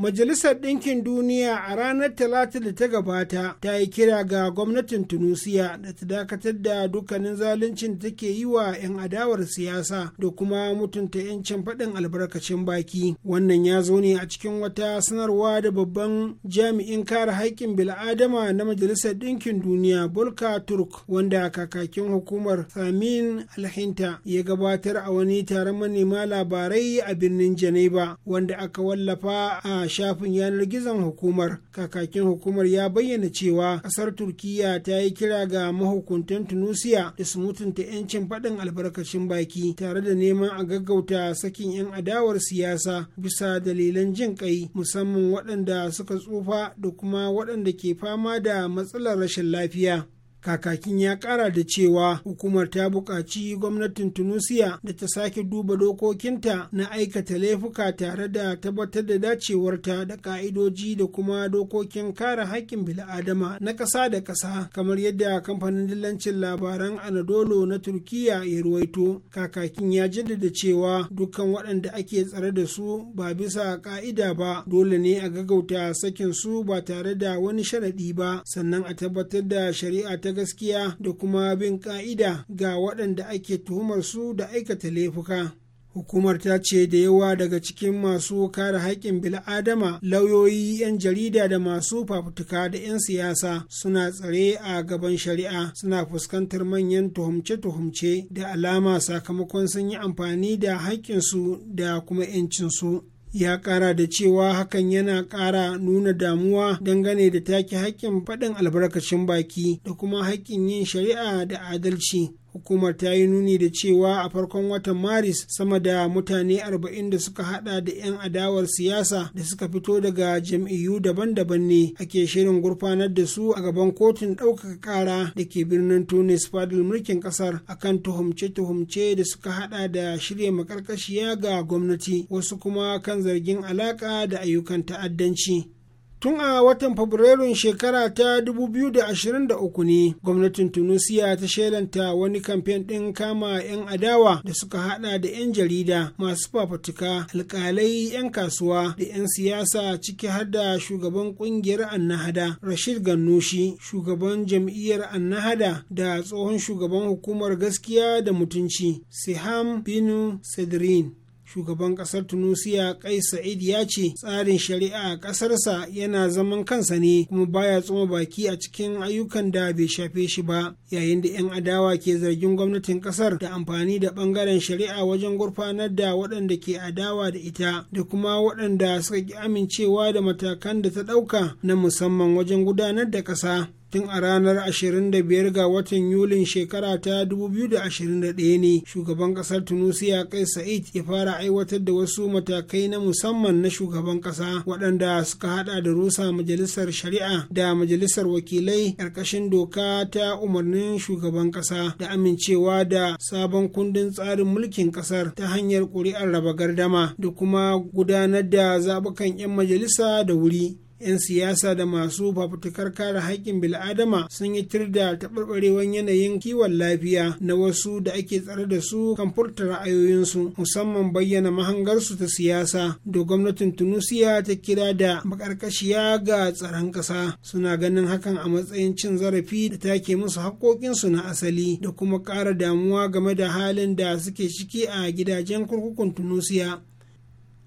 Speaker 8: Majalisar Ɗinkin Duniya a ranar Talata da ta gabata ta yi kira ga gwamnatin Tunusiya da ta dakatar da dukkanin zaluncin da take yi wa 'yan adawar siyasa da kuma mutunta 'yancin faɗin albarkacin baki. Wannan ya zo ne a cikin wata sanarwa da babban jami'in kare haƙƙin bil'adama na Majalisar Ɗinkin Duniya Bulka Turk wanda kakakin hukumar Samin Alhinta ya gabatar a wani taron manema labarai a birnin Janeba wanda aka wallafa a shafin yanar gizon hukumar kakakin hukumar ya bayyana cewa kasar turkiya ta yi kira ga mahukuntan tunusiya da su mutunta 'yancin faɗin albarkacin baki tare da neman a gaggauta sakin 'yan adawar siyasa bisa dalilan jin ƙai, musamman waɗanda suka tsufa da kuma waɗanda ke fama da matsalar rashin lafiya kakakin ya kara da cewa hukumar ta buƙaci gwamnatin tunisia da ta sake duba dokokinta na aikata laifuka tare da tabbatar da dacewarta da ka'idoji da kuma dokokin kare haƙƙin bil'adama na ƙasa da ƙasa kamar yadda kamfanin dillancin labaran anadolo na turkiya ya ruwaito kakakin ya jaddada cewa dukkan waɗanda ake tsare da su ba bisa ka'ida ba dole ne a gagauta sakin su ba tare da wani sharaɗi ba sannan a tabbatar da shari'a ta ta gaskiya da kuma bin ka'ida ga waɗanda ake tuhumar su da aikata laifuka. hukumar ta ce da yawa daga cikin masu kare haƙƙin bil'adama lauyoyi 'yan jarida da masu fafutuka da 'yan siyasa suna tsare a gaban shari'a suna fuskantar manyan tuhumce-tuhumce da alama sakamakon sun yi amfani da haƙƙinsu da kuma 'yancinsu. ya kara da cewa hakan yana kara nuna damuwa dangane da take haƙƙin faɗin albarkacin baki da kuma haƙƙin yin shari'a da adalci hukumar ta yi nuni da cewa a farkon watan maris sama da mutane 40 da suka hada da 'yan adawar siyasa da suka fito daga jam'iyyu daban-daban ne ake shirin gurfanar da su a gaban kotun ɗaukaka ƙara da ke birnin tunis fadil mulkin ƙasar akan tuhumce-tuhumce da suka hada da shirya makarkashiya ga gwamnati wasu kuma kan zargin alaƙa da ayyukan ta'addanci tun a watan fabrairun shekara ta 2023 ne gwamnatin tunisia ta shelanta wani kamfen ɗin kama 'yan adawa da suka hada da 'yan jarida masu fafatuka alkalai 'yan kasuwa da 'yan siyasa ciki har da shugaban kungiyar annahada rashid gannushi shugaban jam'iyyar annahada da tsohon shugaban hukumar gaskiya da mutunci siham binu sedrin shugaban kasar tunisia kai sa'id ya ce tsarin shari'a a kasarsa yana zaman kansa ne kuma baya tsoma baki a cikin ayyukan da bai shafe shi ba yayin da 'yan adawa ke zargin gwamnatin kasar da amfani da bangaren shari'a wajen gurfanar da waɗanda ke adawa da ita da kuma waɗanda suka ki amincewa da matakan da ta ɗauka na musamman wajen gudanar da ƙasa tun a ranar 25 ga watan yulin shekara ta 2021 ne shugaban kasar tunisia kai sa'id ya fara aiwatar da wasu matakai na musamman na shugaban kasa waɗanda suka hada da rusa majalisar shari'a da majalisar wakilai ƙarƙashin doka ta umarnin shugaban kasa da amincewa da sabon kundin tsarin mulkin kasar ta hanyar ƙuri'ar raba gardama da kuma gudanar da zaɓukan 'yan majalisa da wuri 'yan siyasa da masu fafutukar kare haƙƙin bil'adama sun yi tir da taɓarɓarewar yanayin kiwon lafiya na wasu da ake tsare da su kan furta ra'ayoyinsu musamman bayyana mahangarsu ta siyasa da gwamnatin tunusiya ta kira da maƙarƙashiya ga tsaron ƙasa suna ganin hakan a matsayin cin zarafi da take musu haƙƙoƙinsu na asali da kuma ƙara damuwa game da halin da suke ciki a gidajen kurkukun tunusiya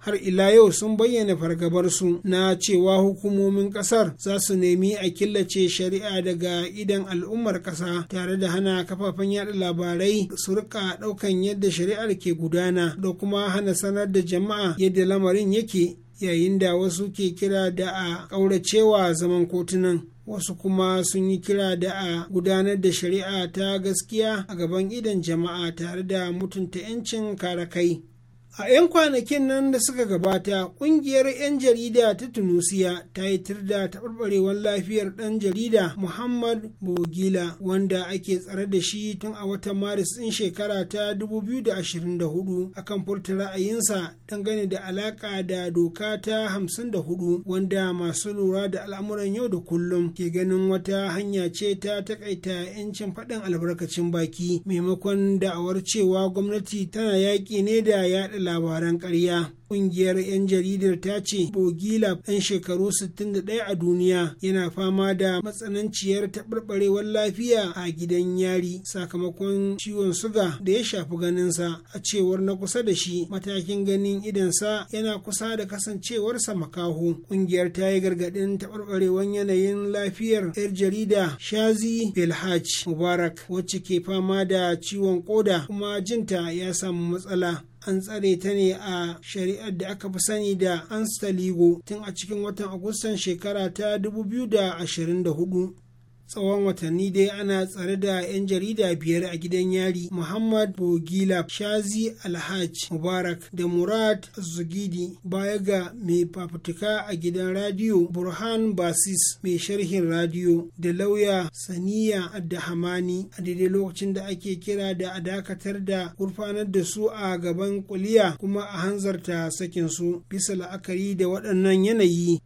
Speaker 8: har ila yau sun bayyana fargabarsu na cewa hukumomin kasar za su nemi a killace shari'a daga idan al'ummar kasa tare da hana kafafen yada labarai su rika daukan yadda shari'ar ke gudana da kuma hana sanar da jama'a yadda lamarin yake yayin da wasu ke kira da a ƙauracewa zaman kotunan wasu kuma sun yi kira da a gudanar da shari'a ta gaskiya a gaban idan jama'a tare da mutunta 'yancin kare kai a 'yan kwanakin nan da suka gabata ƙungiyar 'yan jarida ta tunusiya ta yi tirda taɓarɓarewar lafiyar ɗan jarida muhammad bogila wanda ake tsare da shi tun a watan maris ɗin shekara ta 2024 kan furta ra'ayinsa dangane da alaƙa da doka ta 54 wanda masu lura da al'amuran yau da kullum ke ganin wata hanya ce ta taƙaita 'yancin faɗin albarkacin baki maimakon da'awar cewa gwamnati tana yaƙi ne da yaɗa labaran ƙarya ƙungiyar 'yan jaridar ta ce bogila ɗan shekaru 61 a duniya yana fama da matsananciyar taɓarɓarewar lafiya a gidan yari sakamakon ciwon suga da ya shafi ganinsa a cewar na kusa da shi matakin ganin idansa yana kusa da kasancewarsa makaho ƙungiyar ta yi gargaɗin taɓarɓarewar yanayin lafiyar 'yar jarida shazi belhaj mubarak wacce ke fama da ciwon koda kuma jinta ya samu matsala an tsare ta ne a shari'ar da aka fi sani da anstaligo tun a cikin watan agustan shekara ta 2024 tsawon watanni dai ana tsare da 'yan jarida biyar a gidan yari muhammad bogila shazi alhaj mubarak da murad zugidi baya ga mai fafutuka a gidan radiyo burhan basis mai sharhin radiyo da lauya saniya adahamani a daidai lokacin da ake kira da a dakatar da gurfanar da su a gaban kuliya kuma a hanzarta sakinsu bisa la'akari da waɗannan yanayi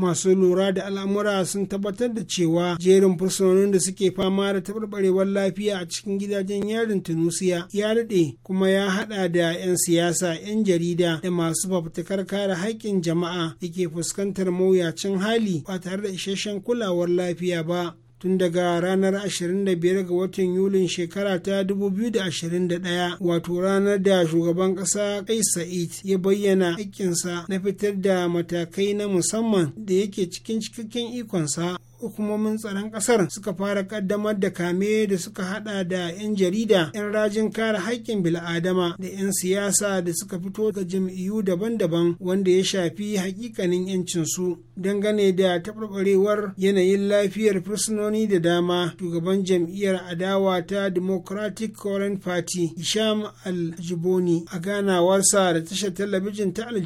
Speaker 8: masu lura da al'amura sun tabbatar da cewa jerin fursunonin da suke fama da taɓarɓarewar lafiya a cikin gidajen yarin tunusiya ya daɗe kuma ya haɗa da 'yan siyasa 'yan jarida da masu fafutukar kare haƙƙin jama'a da ke fuskantar mawuyacin hali ba tare da isasshen kulawar lafiya ba tun daga ranar 25 ga watan yulin shekara ta 2021 wato ranar da shugaban ƙasa kai sa'id ya bayyana aikinsa na fitar da matakai na musamman da yake cikin cikakken ikonsa hukumomin tsaron kasar suka fara kaddamar da kame da suka hada da 'yan jarida 'yan rajin kare haƙƙin bil'adama da 'yan siyasa da suka fito da jam'iyyu daban-daban wanda ya shafi hakikanin su dangane da taɓarɓarewar yanayin lafiyar fursunoni da dama shugaban jam'iyyar adawa ta democratic current party isham al-jiboni a ganawarsa da tashar talabijin ta al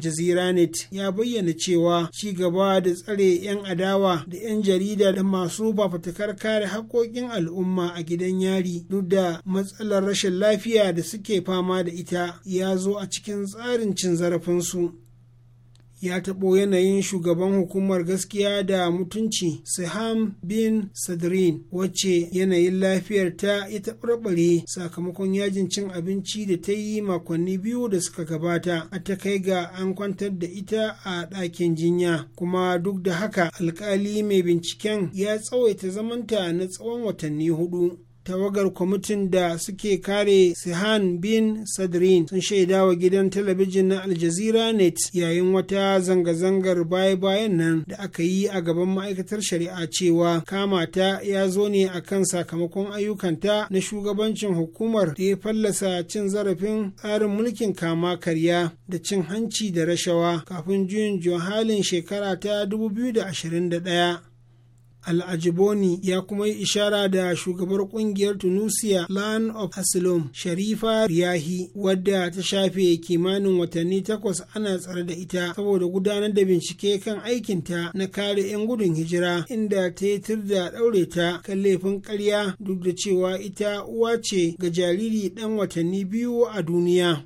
Speaker 8: net ya bayyana cewa ci gaba da tsare 'yan adawa da 'yan jarida da masu fafutukar kare haƙoƙin al'umma a gidan yari duk da matsalar rashin lafiya da suke fama da ita ya zo a cikin tsarin cin zarafinsu ya taɓo yanayin shugaban hukumar gaskiya da mutunci Saham bin Sadrin wacce yanayin lafiyar ta ya taɓarɓare sakamakon yajin cin abinci da ta yi makonni biyu da suka gabata a ta kai ga an kwantar da ita a ɗakin jinya kuma duk da haka alkali mai binciken ya tsawaita zamanta na tsawon watanni hudu. tawagar kwamitin da suke kare sihan bin sadrin sun shaidawa gidan talabijin na aljazeera net yayin wata zanga-zangar baya-bayan nan da aka yi a gaban ma'aikatar shari'a cewa kamata ya zo ne a kan sakamakon ayyukanta na shugabancin hukumar da ya fallasa cin zarafin tsarin mulkin kama karya da cin hanci da rashawa kafin juyin halin shekara ta 2021 al'ajiboni ya kuma yi ishara da shugabar kungiyar tunusia land of asylum sharifa riyahi wadda ta shafe kimanin watanni takwas ana tsare da ita saboda gudanar da bincike kan aikinta na kare 'yan gudun hijira inda ta yi da ɗaure ta kan laifin karya, duk da cewa ita uwa ce ga jariri ɗan watanni biyu a duniya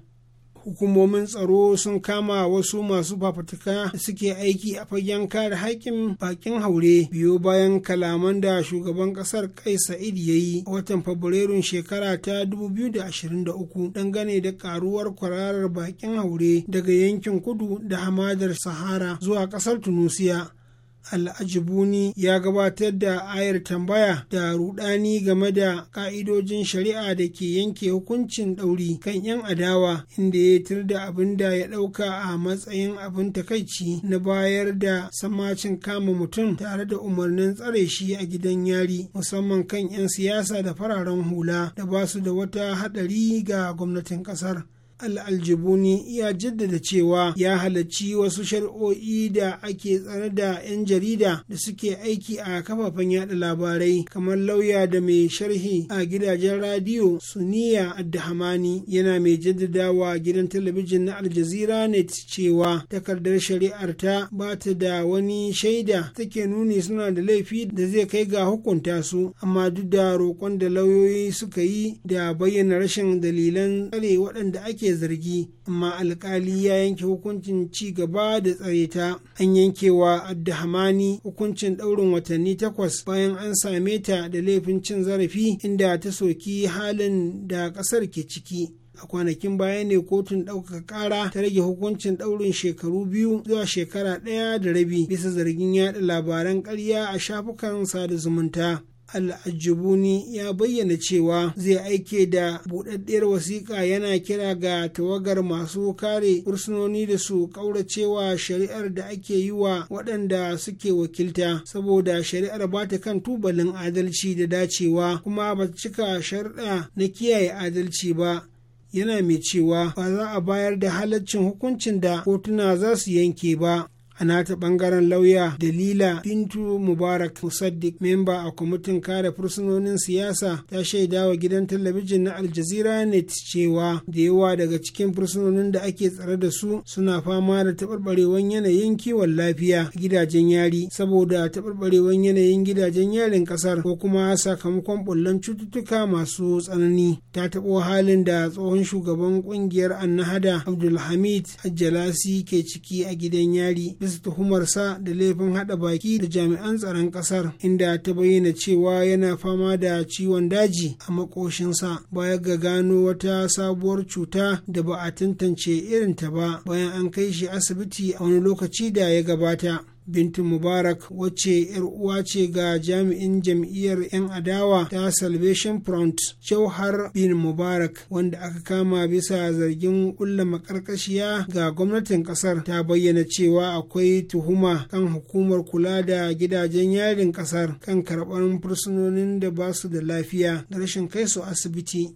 Speaker 8: hukumomin tsaro sun kama wasu masu fafatuka suke aiki a fagen kare haƙƙin bakin haure biyo bayan kalaman da shugaban ƙasar kai sa'id ya yi watan fabrairun shekara ta 2023 dangane da karuwar kwararar bakin haure daga yankin kudu da hamadar sahara zuwa ƙasar tunusiya al'ajibuni ya gabatar da ayar tambaya da rudani game da ka'idojin shari'a da ke yanke hukuncin ɗauri kan 'yan adawa inda ya tir da abin da ya ɗauka a matsayin abin takaici na bayar da samacin kama mutum tare da umarnin tsare shi a gidan yari musamman kan 'yan siyasa da fararen hula da ba su da wata haɗari ga gwamnatin ƙasar. al'aljibuni ya jaddada cewa ya halarci wasu shari'o'i da ake tsare da 'yan jarida da suke aiki a kafafen yada labarai kamar lauya da mai sharhi a gidajen radiyo suniya addahamani yana mai jaddada wa gidan talabijin na aljazira net cewa takardar shari'ar ta ba ta da wani shaida take nuni suna da laifi da zai kai ga hukunta su amma duk da roƙon da lauyoyi suka yi da bayyana rashin dalilan tsare waɗanda ake ake zargi amma alkali ya yanke hukuncin ci gaba da tsare ta an yankewa addahamani hukuncin ɗaurin watanni takwas bayan an same ta da laifin cin zarafi inda ta soki halin da ƙasar ke ciki a kwanakin baya ne kotun ɗaukaka ƙara ta rage hukuncin ɗaurin shekaru biyu zuwa shekara ɗaya da rabi bisa zargin yaɗa labaran ƙarya a shafukan sada zumunta al'ajibuni ya bayyana cewa zai aike da buɗaɗɗiyar wasiƙa yana kira ga tawagar masu kare fursunoni da su ƙauracewa shari'ar da ake yi wa waɗanda suke wakilta saboda shari'ar ba ta kan tubalin adalci da dacewa kuma ba cika sharɗa na kiyaye adalci ba yana mai cewa ba za a bayar da halaccin hukuncin da kotuna za su yanke ba a nata bangaren lauya dalila bintu mubarak musaddiq memba a kwamitin kare fursunonin siyasa ta shaida wa gidan talabijin na aljazira net cewa da yawa daga cikin fursunonin da ake tsare da su suna fama da taɓarɓarewan yanayin kiwon lafiya gidajen yari saboda taɓarɓarewan yanayin gidajen yarin ƙasar ko kuma sakamakon ɓullan cututtuka masu tsanani ta taɓo halin da tsohon shugaban ƙungiyar annahada abdulhamid ajalasi ke ciki a gidan yari bisa tuhumarsa da laifin haɗa baki da jami'an tsaron ƙasar inda ta bayyana cewa yana fama da ciwon daji a makoshinsa baya ga gano wata sabuwar cuta da ba a tantance irinta ba bayan an kai shi asibiti a wani lokaci da ya gabata. bintu mubarak wacce yar uwa ce ga jami'in jam'iyyar 'yan adawa ta salvation front jauhar bin mubarak wanda aka kama bisa zargin kulla makarkashiya ga gwamnatin ƙasar, ta bayyana cewa akwai tuhuma kan hukumar kula da gidajen yarin ƙasar, kan karɓar fursunonin da ba su da lafiya da rashin kai su asibiti.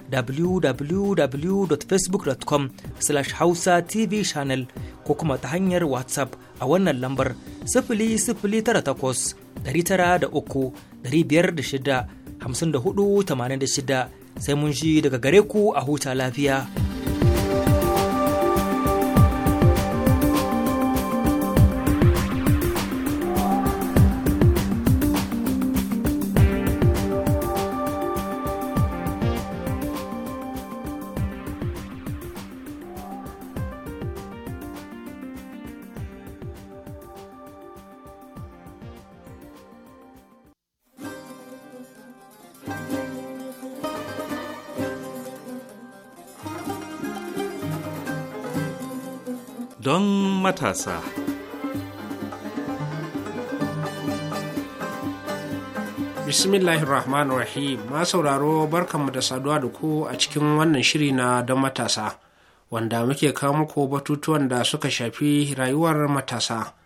Speaker 2: www.facebook.com slash hausa tv channel ko kuma ta hanyar whatsapp a wannan lambar 00800 503 506 5486 sai mun shi daga gare ku a huta lafiya.
Speaker 5: don matasa. Bismillahir Rahmanir Rahim, ma sauraro barkanmu da saduwa da ku a cikin wannan shiri na don matasa, wanda muke kawo muku batutuwan da suka shafi rayuwar matasa.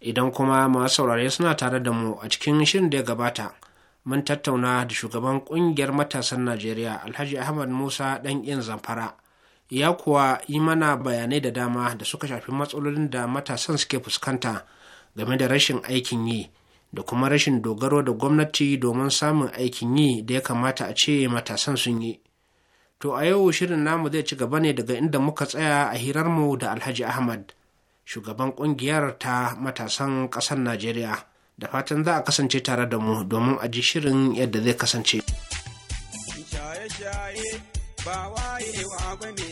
Speaker 5: Idan kuma masu saurare suna tare da mu a cikin shirin da ya gabata, mun tattauna da shugaban ƙungiyar matasan Najeriya Alhaji Ahmad Musa ɗan zamfara. ya kuwa yi mana bayanai da dama da suka shafi matsalolin da matasan suke fuskanta game da rashin aikin yi da kuma rashin dogaro da gwamnati domin samun aikin yi da ya kamata a ce matasan sun yi. To a yau shirin namu zai ci gaba ne daga inda muka tsaya a hirarmu da Alhaji Ahmad, shugaban ƙungiyar ta matasan ƙasar Najeriya. Da fatan za a kasance tare da mu domin a ji shirin yadda zai kasance.
Speaker 9: Shaye-shaye ba waye wa bane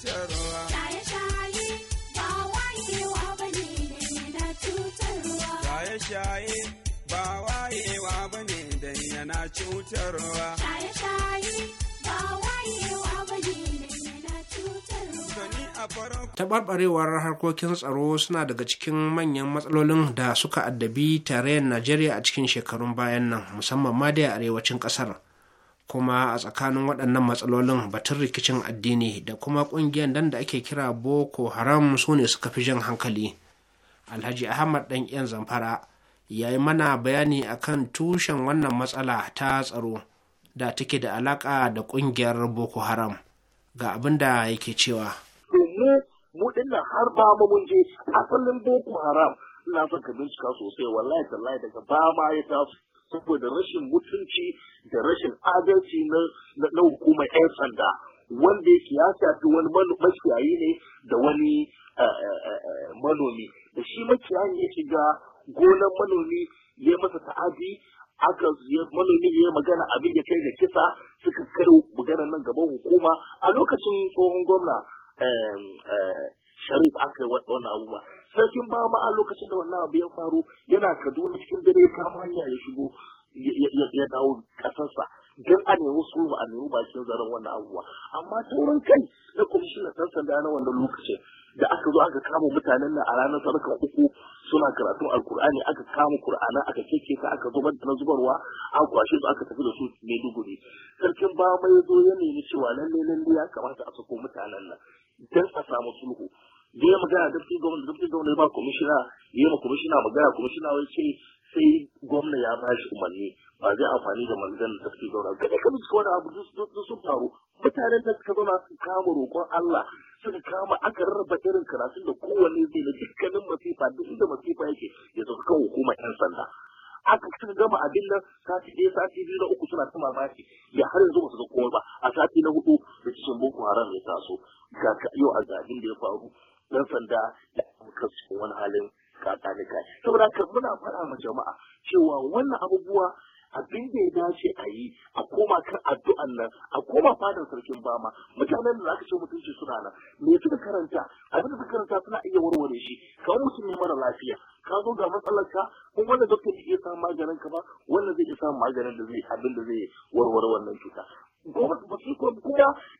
Speaker 9: cutarwa.
Speaker 10: Shaye-shaye
Speaker 9: ba yana cutarwa.
Speaker 10: shaye
Speaker 5: taɓarɓarewar harkokin tsaro suna daga cikin manyan matsalolin da suka addabi tarayyar najeriya a cikin shekarun bayan nan musamman ma da arewacin ƙasar kuma a tsakanin waɗannan matsalolin batun rikicin addini da kuma ƙungiyar dan da ake kira boko haram su ne suka fi jin hankali alhaji ahmad ɗan yan zamfara ya yi mana bayani akan tushen wannan matsala ta tsaro da take da alaƙa da ƙungiyar boko haram ga abin da yake cewa
Speaker 11: mu dinnan har ba mun je asalin boko haram ina son ka bincika sosai wallahi tallahi daga ba ma ya taso saboda rashin mutunci da rashin adalci na hukumar 'yan sanda wanda yake ya shafi wani makiyayi ne da wani eh, eh, eh, manomi da shi makiyayin ya shiga gonan manomi ya masa ta'adi aka manomi ya magana abin ya kai da kisa suka karo magana nan gaban hukuma a lokacin tsohon gwamna sharif aka yi wannan abubuwa sarkin ba ma a lokacin da wannan abu ya faru yana kaduna cikin dare kama hanya ya shigo ya dawo kasansa don a nemi su ba a nemi bakin zaren wannan abubuwa amma ta wurin kai na kwamishinan ɗan sanda na wannan lokacin da aka zo aka kama mutanen nan a ranar sarkar uku suna karatun alkur'ani aka kama kur'ana aka keke ka aka zubar da na zubarwa an kwashe su aka tafi da su maiduguri sarkin ba mai zo ya nemi cewa lalle lalle ya kamata a sako mutanen nan don a samu sulhu da ya magana da fi gwamnati da fi gwamnati ba kwamishina ya yi ma kwamishina magana kwamishina wai ce sai gwamna ya ba shi umarni ba zai amfani da manzan da suke zauna kada ka wani abu sun faru mutanen da suka zama su kama roƙon Allah suka kama aka rarraba irin karatun da kowanne zai na dukkanin masifa duk inda masifa yake ya zaka kan hukumar 'yan sanda aka suka gama abin nan sati ɗaya sati biyu na uku suna ta mamaki ya har yanzu basu ga ba a sati na hudu da cikin boko haram ya taso ga yau a zabin da ya faru yan sanda ya amurka cikin wani halin kasa da kai saboda haka muna faɗa ma jama'a cewa wannan abubuwa abin da ya dace a yi a koma kan addu'an nan a koma fadar sarkin bama mutanen da zaka ce mutunci suna nan me suka karanta abin da suka karanta suna iya warware shi kamar mutum ne mara lafiya ka zo ga matsalar ka kuma wanda doktor zai sa maganin ka ba wannan zai iya maganin da zai abin da zai warware wannan cuta ba su kuma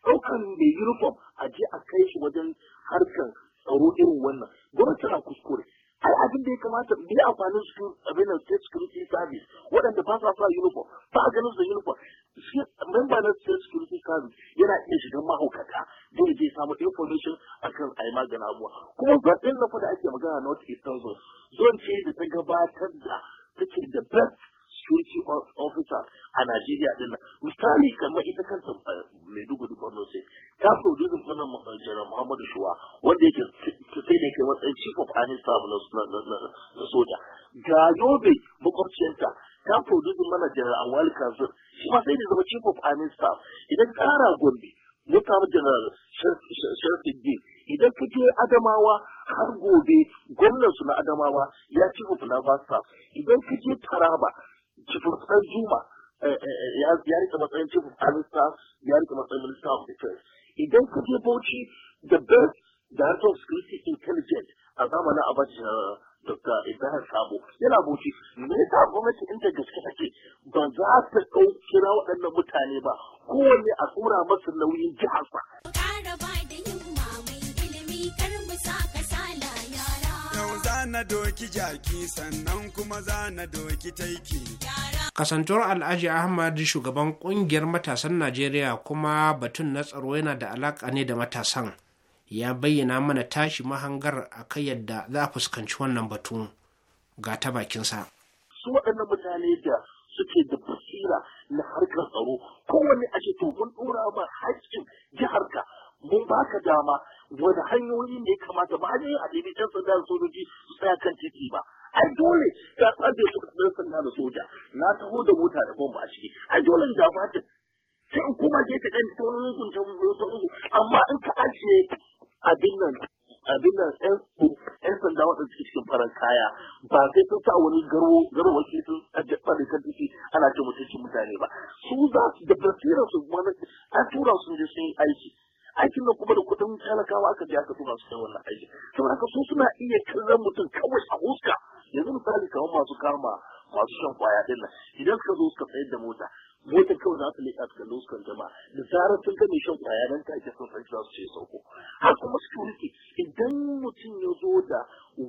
Speaker 11: ɗaukan da uniform a je a kai shi wajen harkan tsaro irin wannan gwamnati tana kuskure ai abin da ya kamata me ya amfanin su abin da state security service waɗanda ba sa sa uniform ba ganin su uniform shi memba na state security service yana iya shiga mahaukata da ya je samu information akan ai magana abuwa kuma zaɓen na fa da ake magana north eastern zone zone ce da ta gabatar da take da best security officer a Najeriya din nan misali kamar ita kanta eh, Maiduguri Borno sai ta produce wannan eh, General Muhammadu Shuwa wanda yake sai da yake matsayin chief of army staff na soja ga Yobe makwabciyarta ta produce mana General Anwar Kazur shi ma sai da zama chief of army staff idan kara Gombe ya samu General Sharfuddin idan ka je Adamawa har gobe gwamnan su na Adamawa ya ci hutu na Idan ka je Taraba Chief Juma ya rike matsayin Chief of Army Staff ya rike matsayin Minister of Defense idan ka je Bauchi the best Director of Security Intelligence a zamanin Abacha Dr. Ibrahim Sabo yana Bauchi me yasa gwamnati inda gaske take ba za ta ɗauki waɗannan mutane ba kowanne a tsura masa nauyin jihar ba na doki
Speaker 9: jaki sannan kuma za na doki taiki.
Speaker 5: Kasantuwar al'aji Ahmad shugaban kungiyar matasan Najeriya kuma batun na tsaro yana da alaƙa ne da matasan. Ya bayyana mana tashi mahangar a kai yadda za a fuskanci wannan batu ga ta bakinsa.
Speaker 11: Su waɗannan mutane da suke da basira na harkar tsaro kowanne a ce to mun ɗora ma haƙƙin jiharka mun baka dama wani hanyoyi ne ya kamata ba hanyoyin a daidai can sanda da sojoji su tsaya kan titi ba ai dole ta tsabe su kan sanda da soja na taho da mota da bomba a ciki ai dole da fatin sai in kuma je ta kan sauran kuntan sauran amma in ka ajiye abin nan abin nan yan sanda waɗanda suke cikin farar kaya ba sai sun sa wani garo wake sun ajiye da kan titi ana ce mutuncin mutane ba su za su da basirar su an tura su je sun yi aiki aikin da kuma da kudin talakawa aka je aka tura su kai wannan aiki saboda haka su suna iya kallon mutum kawai a huska yanzu misali kamar masu kama masu shan kwaya din nan idan suka zo suka tsayar da mota motar kawai za su leƙa suka lusu kan jama'a da zarar sun ga mai shan kwaya dan ta ake son san za su ce sauko har kuma security idan mutum ya zo da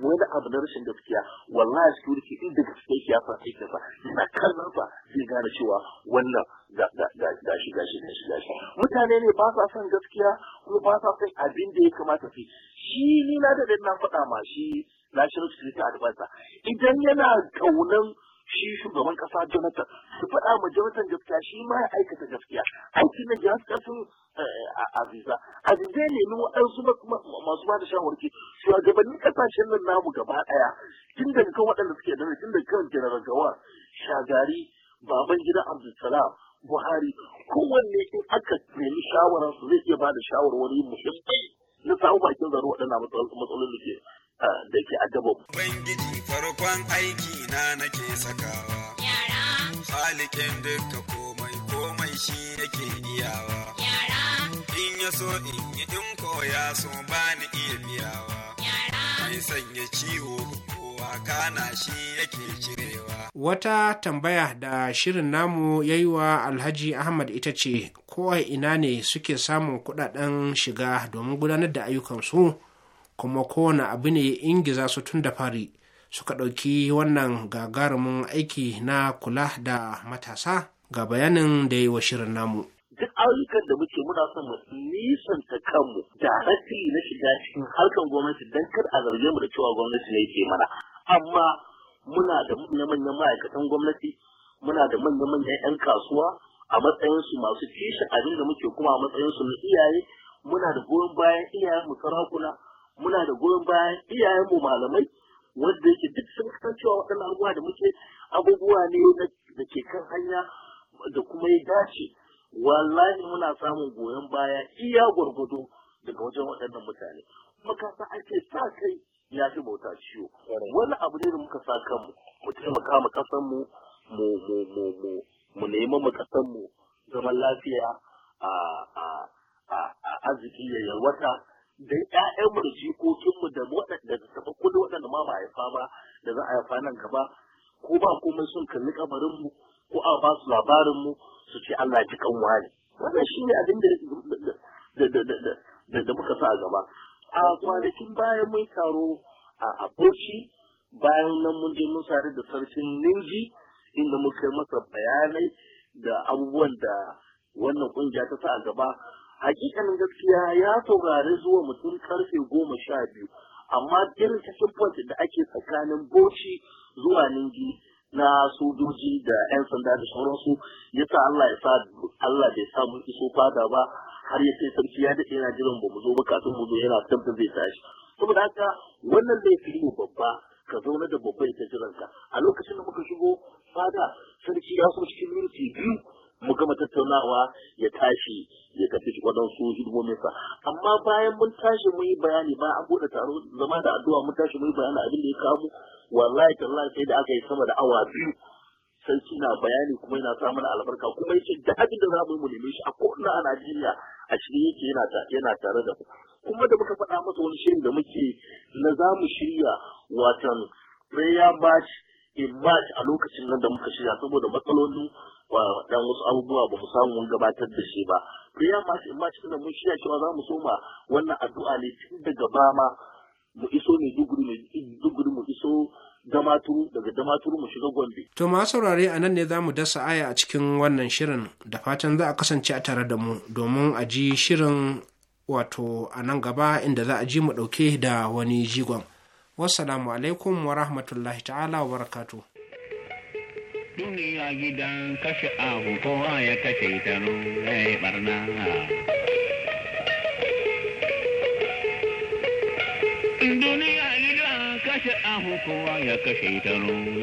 Speaker 11: wani abu na rashin gaskiya wallahi security inda da gaskiya ya fa sai ka fa yana kallon fa zai gane cewa wannan gashi gashi gashi gashi mutane ne ba sa son gaskiya ko ba sa son abin da ya kamata fi shi ni na da na faɗa ma shi national security advisor idan yana kaunan shi shugaban kasa Jonathan su faɗa ma Jonathan gaskiya shi ma ya aikata gaskiya aiki na jihar kasan Aziza Aziza ne ni waɗansu masu ba da shawarci shugabannin kasashen nan namu gaba ɗaya tun daga kan waɗanda suke da tun daga kan General Gawar Shagari Babangida Abdulsalam buhari kowanne in aka nemi shawarar su zai iya ba da shawarwari muhimmai na samu bakin zaro waɗannan matsalolin da ke ah, da ke adabo. Ubangiji farkon aiki na nake sakawa. Yara. Halikin duka
Speaker 9: komai komai shi yake iyawa. Yara. In ya so in yi in koya so ba ni iya biyawa. Yara. Mai sanya ciwo kowa kana shi yake cire.
Speaker 5: wata tambaya da shirin namu ya yi wa alhaji ahmad ita ce ko ina ne suke samun kudaden shiga domin gudanar da ayyukansu kuma kowane abu ne ingiza su tun da fari suka ɗauki wannan gagarumin aiki na kula da matasa ga bayanin da ya yi wa shirin namu
Speaker 11: duk ayyukan da muke muna son mu nisanta kanmu da na shiga cikin harkan gwamnati don kar a zarge mu da cewa gwamnati ne ke mana amma muna da manya-manyan ma'aikatan gwamnati muna da manya-manyan 'yan kasuwa a matsayinsu masu kishi abin da muke kuma a matsayinsu na iyaye muna da goyon bayan iyayen mu sarakuna muna da goyon bayan iyayen mu malamai wanda yake duk sun san cewa waɗannan abubuwa da muke abubuwa ne da ke kan hanya da kuma ya dace wallahi muna samun goyon baya iya gwargwado daga wajen waɗannan mutane kuma ka ake sa kai ya fi bauta ciwo wani abu ne da muka sa kanmu mu taimaka mu kasan mu mu mu mu mu mu nemi mu kasan mu zaman lafiya a a a a arziki ya yalwata da mu da jikokinmu da waɗanda da tafi kudi waɗanda ma ba haifa ba da za a haifa nan gaba ko ba komai sun kalli mu ko a ba su labarinmu su ce Allah ji kanwa ne wannan shi ne abin da da muka sa a gaba a kwanakin bayan mun taro a abuci bayan nan mun je mun sare da sarkin Ninji inda mun kai masa bayanai da abubuwan da wannan kungiya ta sa a gaba hakikanin gaskiya ya saurari zuwa mutum karfe goma sha biyu amma irin ta da ake tsakanin boci zuwa Ninji na sojoji da 'yan sanda da sauransu ya sa Allah ya sa Allah bai samu iso fada ba har ya sarki ya daɗe yana jiran ba mu zo ba kafin mu zo yana tabbata zai tashi saboda haka wannan fi yi babba ka zauna da babba ita jiranka a lokacin da muka shigo fada sarki ya so cikin minti biyu mu gama tattaunawa ya tashi ya tafi shi waɗansu sa amma bayan mun tashi mun yi bayani ba an buɗe taro zama da addu'a mun tashi mun yi bayani abin da ya kamu wallahi tallahi sai da aka yi sama da awa biyu sarki na bayani kuma yana samun albarka kuma yace da abin da za mu yi mu shi a ko'ina a Najeriya a shirye yake yana tare da ku kuma da muka faɗa masa wani shirin da muke na za mu shirya watan prayer batch in batch a lokacin nan da muka shirya saboda matsalolin dan wasu abubuwa ba mu samu mun gabatar da shi ba prayer batch in batch din mun shirya cewa za mu soma wannan addu'a ne tun daga bama mu iso ne duguri mu iso damaturu daga damaturu mu shiga gombe.
Speaker 5: To ma saurare a nan ne za mu dasa aya a cikin wannan shirin da fatan za a kasance a tare da mu domin a ji shirin wato a nan gaba inda za a ji mu ɗauke da wani jigon. Wassalamu alaikum wa rahmatullahi ta'ala wa barakatu. Duniya gidan kashe abu ya kashe barna.
Speaker 9: Duniya kashe ahu kowa ya kashe ta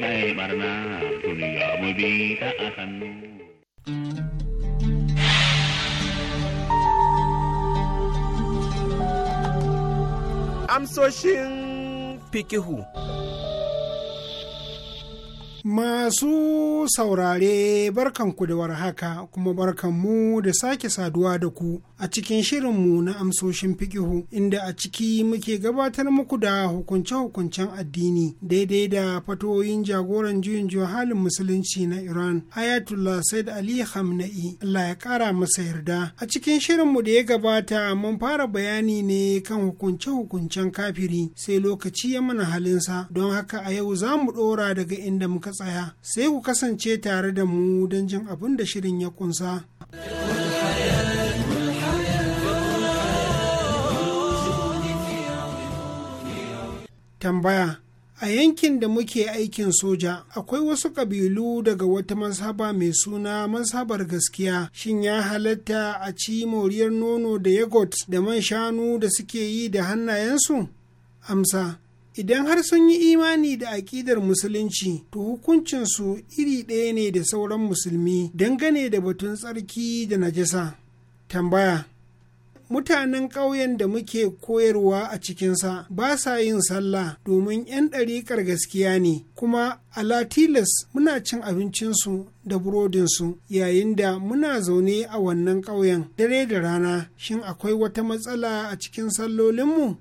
Speaker 9: ya yi barna duniya mu bi ta a hannu.
Speaker 8: Amsoshin fikihu. Masu saurare barkanku da warhaka kuma barkanmu da sake saduwa da ku a cikin shirin mu na amsoshin fikihu inda a ciki muke gabatar muku da hukunce-hukuncen addini daidai da fatoyin jagoran juyin halin musulunci na Iran Ayatullah Said Ali Khamenei Allah ya kara masa yarda. A cikin shirin mu da ya gabata mun fara bayani ne kan hukunce-hukuncen kafiri sai lokaci ya mana halinsa don haka a yau za mu ɗora daga inda muka tsaya sai ku kasance tare da mu don jin abin da shirin ya kunsa. Tambaya A yankin da muke aikin soja, akwai wasu ƙabilu daga wata mazhaba mai suna mazhabar gaskiya, shin ya halatta a ci moriyar nono da yagot da man shanu da suke yi da hannayensu? Amsa. idan har sun yi imani da aƙidar musulunci to hukuncinsu iri ɗaya ne da sauran musulmi dangane da batun tsarki da najasa tambaya mutanen ƙauyen da muke koyarwa a cikinsa ba sa yin sallah domin 'yan ɗariƙar gaskiya ne kuma ala tilas muna cin abincinsu da burodinsu yayin da muna zaune a wannan ƙauyen dare da rana shin akwai wata matsala a cikin sallolinmu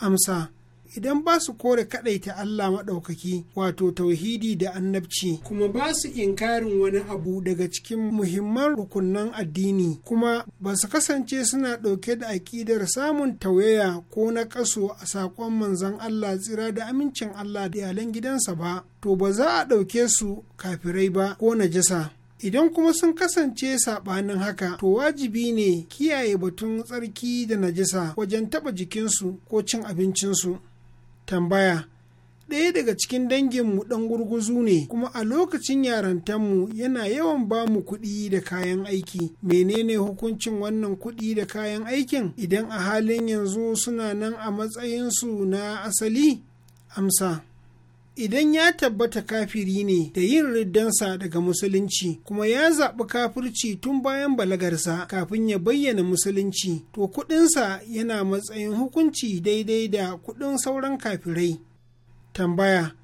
Speaker 8: amsa idan ba su kore kaɗaita Allah maɗaukaki wato tauhidi da annabci kuma ba su inkarin wani abu daga cikin muhimman rukunan addini kuma ba su kasance suna ɗauke da aƙidar samun tauyaya ko na kaso a saƙon manzan Allah tsira da amincin Allah da iyalan gidansa ba to ba za a ɗauke su kafirai ba ko najasa. idan kuma sun kasance saɓanin haka to wajibi ne kiyaye batun tsarki da najisa wajen taɓa jikinsu ko cin abincinsu tambaya ɗaya daga cikin danginmu ɗan gurguzu ne kuma a lokacin yarantanmu yana yawan ba mu kuɗi da kayan aiki menene hukuncin wannan kuɗi da kayan aikin idan a halin yanzu suna nan a matsayinsu na asali amsa idan ya tabbata kafiri ne da yin riddansa daga musulunci kuma ya zaɓi kafirci tun bayan balagarsa kafin ya bayyana musulunci to kuɗinsa yana matsayin hukunci daidai da kuɗin sauran kafirai tambaya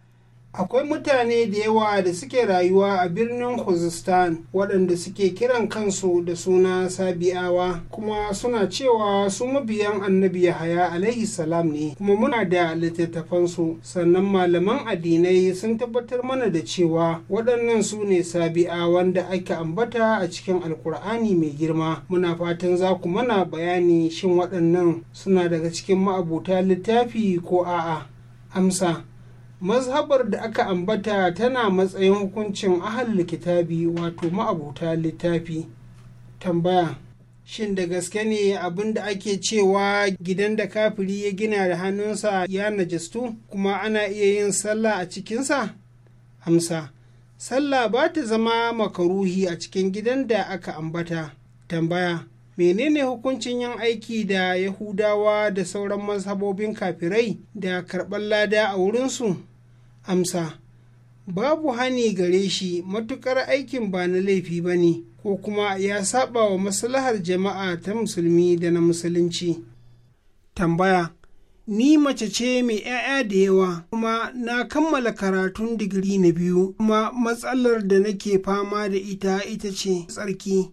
Speaker 8: akwai mutane da yawa da suke rayuwa a birnin khuzistan waɗanda suke kiran kansu da suna sabi'awa kuma suna cewa su mabiyan annabi yahaya alaihi salam ne kuma muna da littattafansu sannan malaman addinai sun tabbatar mana da cewa waɗannan su ne sabi'awan da ake ambata a cikin alkur'ani mai girma muna fatan za ku mana bayani shin waɗannan suna daga cikin ma'abuta littafi ko a'a amsa mazhabar da aka ambata tana matsayin hukuncin ahal kitabi wato ma'abuta littafi tambaya shin da gaske ne abin da ake cewa gidan da kafiri ya gina da hannunsa ya najistu kuma ana iya yin sallah a cikinsa amsa sallah ba ta zama makaruhi a cikin gidan da aka ambata tambaya menene hukuncin yin aiki da yahudawa da sauran mazhabobin kafirai da karɓar lada a wurinsu amsa babu hani gare shi matukar aikin ba na laifi ba ne ko kuma ya saba wa maslahar jama'a ta musulmi da na musulunci tambaya ni mace ce mai 'ya'ya da yawa kuma na kammala karatun digiri na biyu kuma matsalar da nake fama da ita ita ce tsarki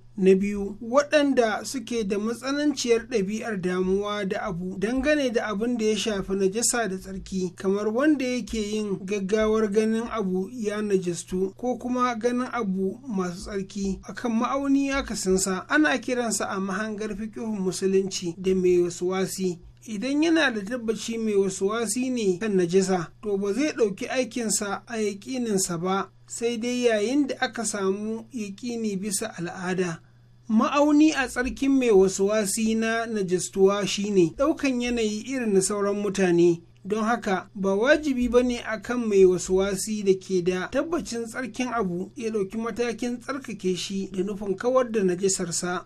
Speaker 8: Na biyu, waɗanda suke da matsananciyar ɗabi'ar damuwa da abu dangane da abin da ya shafi najasa da tsarki, kamar wanda yake yin gaggawar ganin abu ya najastu ko kuma ganin abu masu tsarki akan ma'auni akasinsa ana kiransa a mahangar fikihun musulunci da mai wasu wasi. idan yana da tabbaci mai wasu wasi ne kan najisa to ba zai ɗauki aikinsa a yaƙininsa ba sai dai yayin da aka samu yaƙini bisa al'ada ma'auni a tsarkin mai wasu wasi na najistuwa shine ɗaukan yanayi irin na sauran mutane don haka ba wajibi ba ne a kan mai wasu wasi da ke da tabbacin tsarkin abu ya ɗauki matakin tsarkake shi da nufin kawar da najisarsa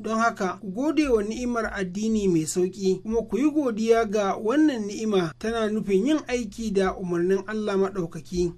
Speaker 8: don haka ku gode wa ni'imar addini mai sauƙi kuma ku yi godiya ga wannan ni'ima tana nufin yin aiki da umarnin Allah maɗaukaki.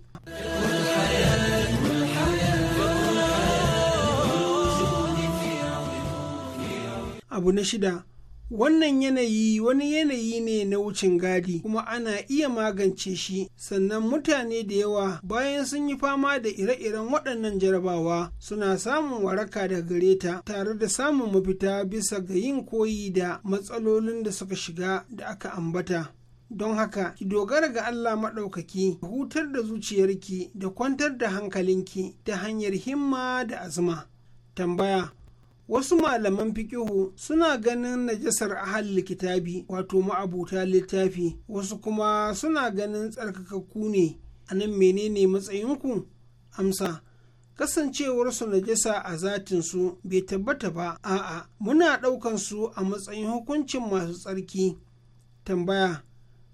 Speaker 8: abu na shida Wannan yanayi wani yanayi ne na wucin gadi kuma ana iya magance shi sannan mutane da yawa bayan sun yi fama da ire-iren waɗannan jarabawa suna samun waraka daga gare ta tare da samun mafita bisa ga yin koyi da matsalolin da suka shiga da aka ambata. don haka ki dogara ga Allah maɗaukaki hutar da zuciyarki da kwantar da hankalinki ta hanyar himma da azuma. Tambaya wasu malaman fikihu suna ganin najasar ahal kitabi wato ma'abuta littafi wasu kuma suna ganin tsarkakakku ne a nan menene matsayinku amsa kasancewarsu najasa a zatinsu bai tabbata ba a'a muna su a matsayin hukuncin masu tsarki tambaya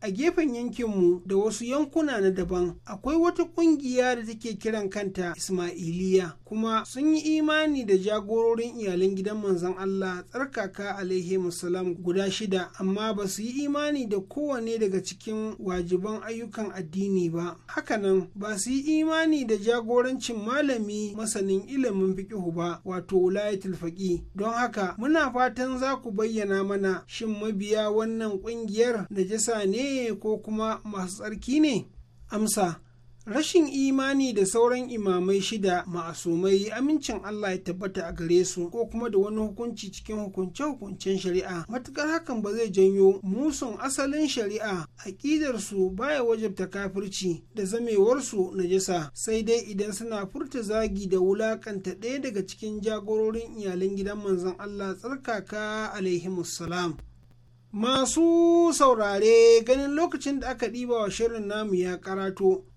Speaker 8: a gefen yankinmu da wasu yankuna na daban akwai wata kungiya da take kiran kanta Ismailiya kuma sun yi imani da jagororin iyalan gidan manzon Allah tsarkaka alaihi musalam guda shida amma ba su yi imani da kowane daga cikin wajiban ayyukan addini ba hakanan ba su yi imani da jagorancin malami masanin ilimin fiqihu ba wato wulayatul faqi don haka muna fatan za ku bayyana mana shin mabiya wannan kungiyar najasa ne ko kuma masu tsarki ne amsa rashin imani da sauran imamai shida ma'asumai amincin Allah ya tabbata a gare su ko kuma da wani hukunci cikin hukunce-hukuncen shari'a matukar hakan ba zai janyo musun asalin shari'a aƙidar su baya wajabta kafirci da zamewar su najasa sai dai idan suna furta zagi da wulakanta ɗaya daga cikin jagororin iyalan gidan manzon Allah tsarkaka alaihimussalam masu saurare ganin lokacin da aka ɗiba wa shirin namu ya karato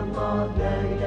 Speaker 10: Allah, there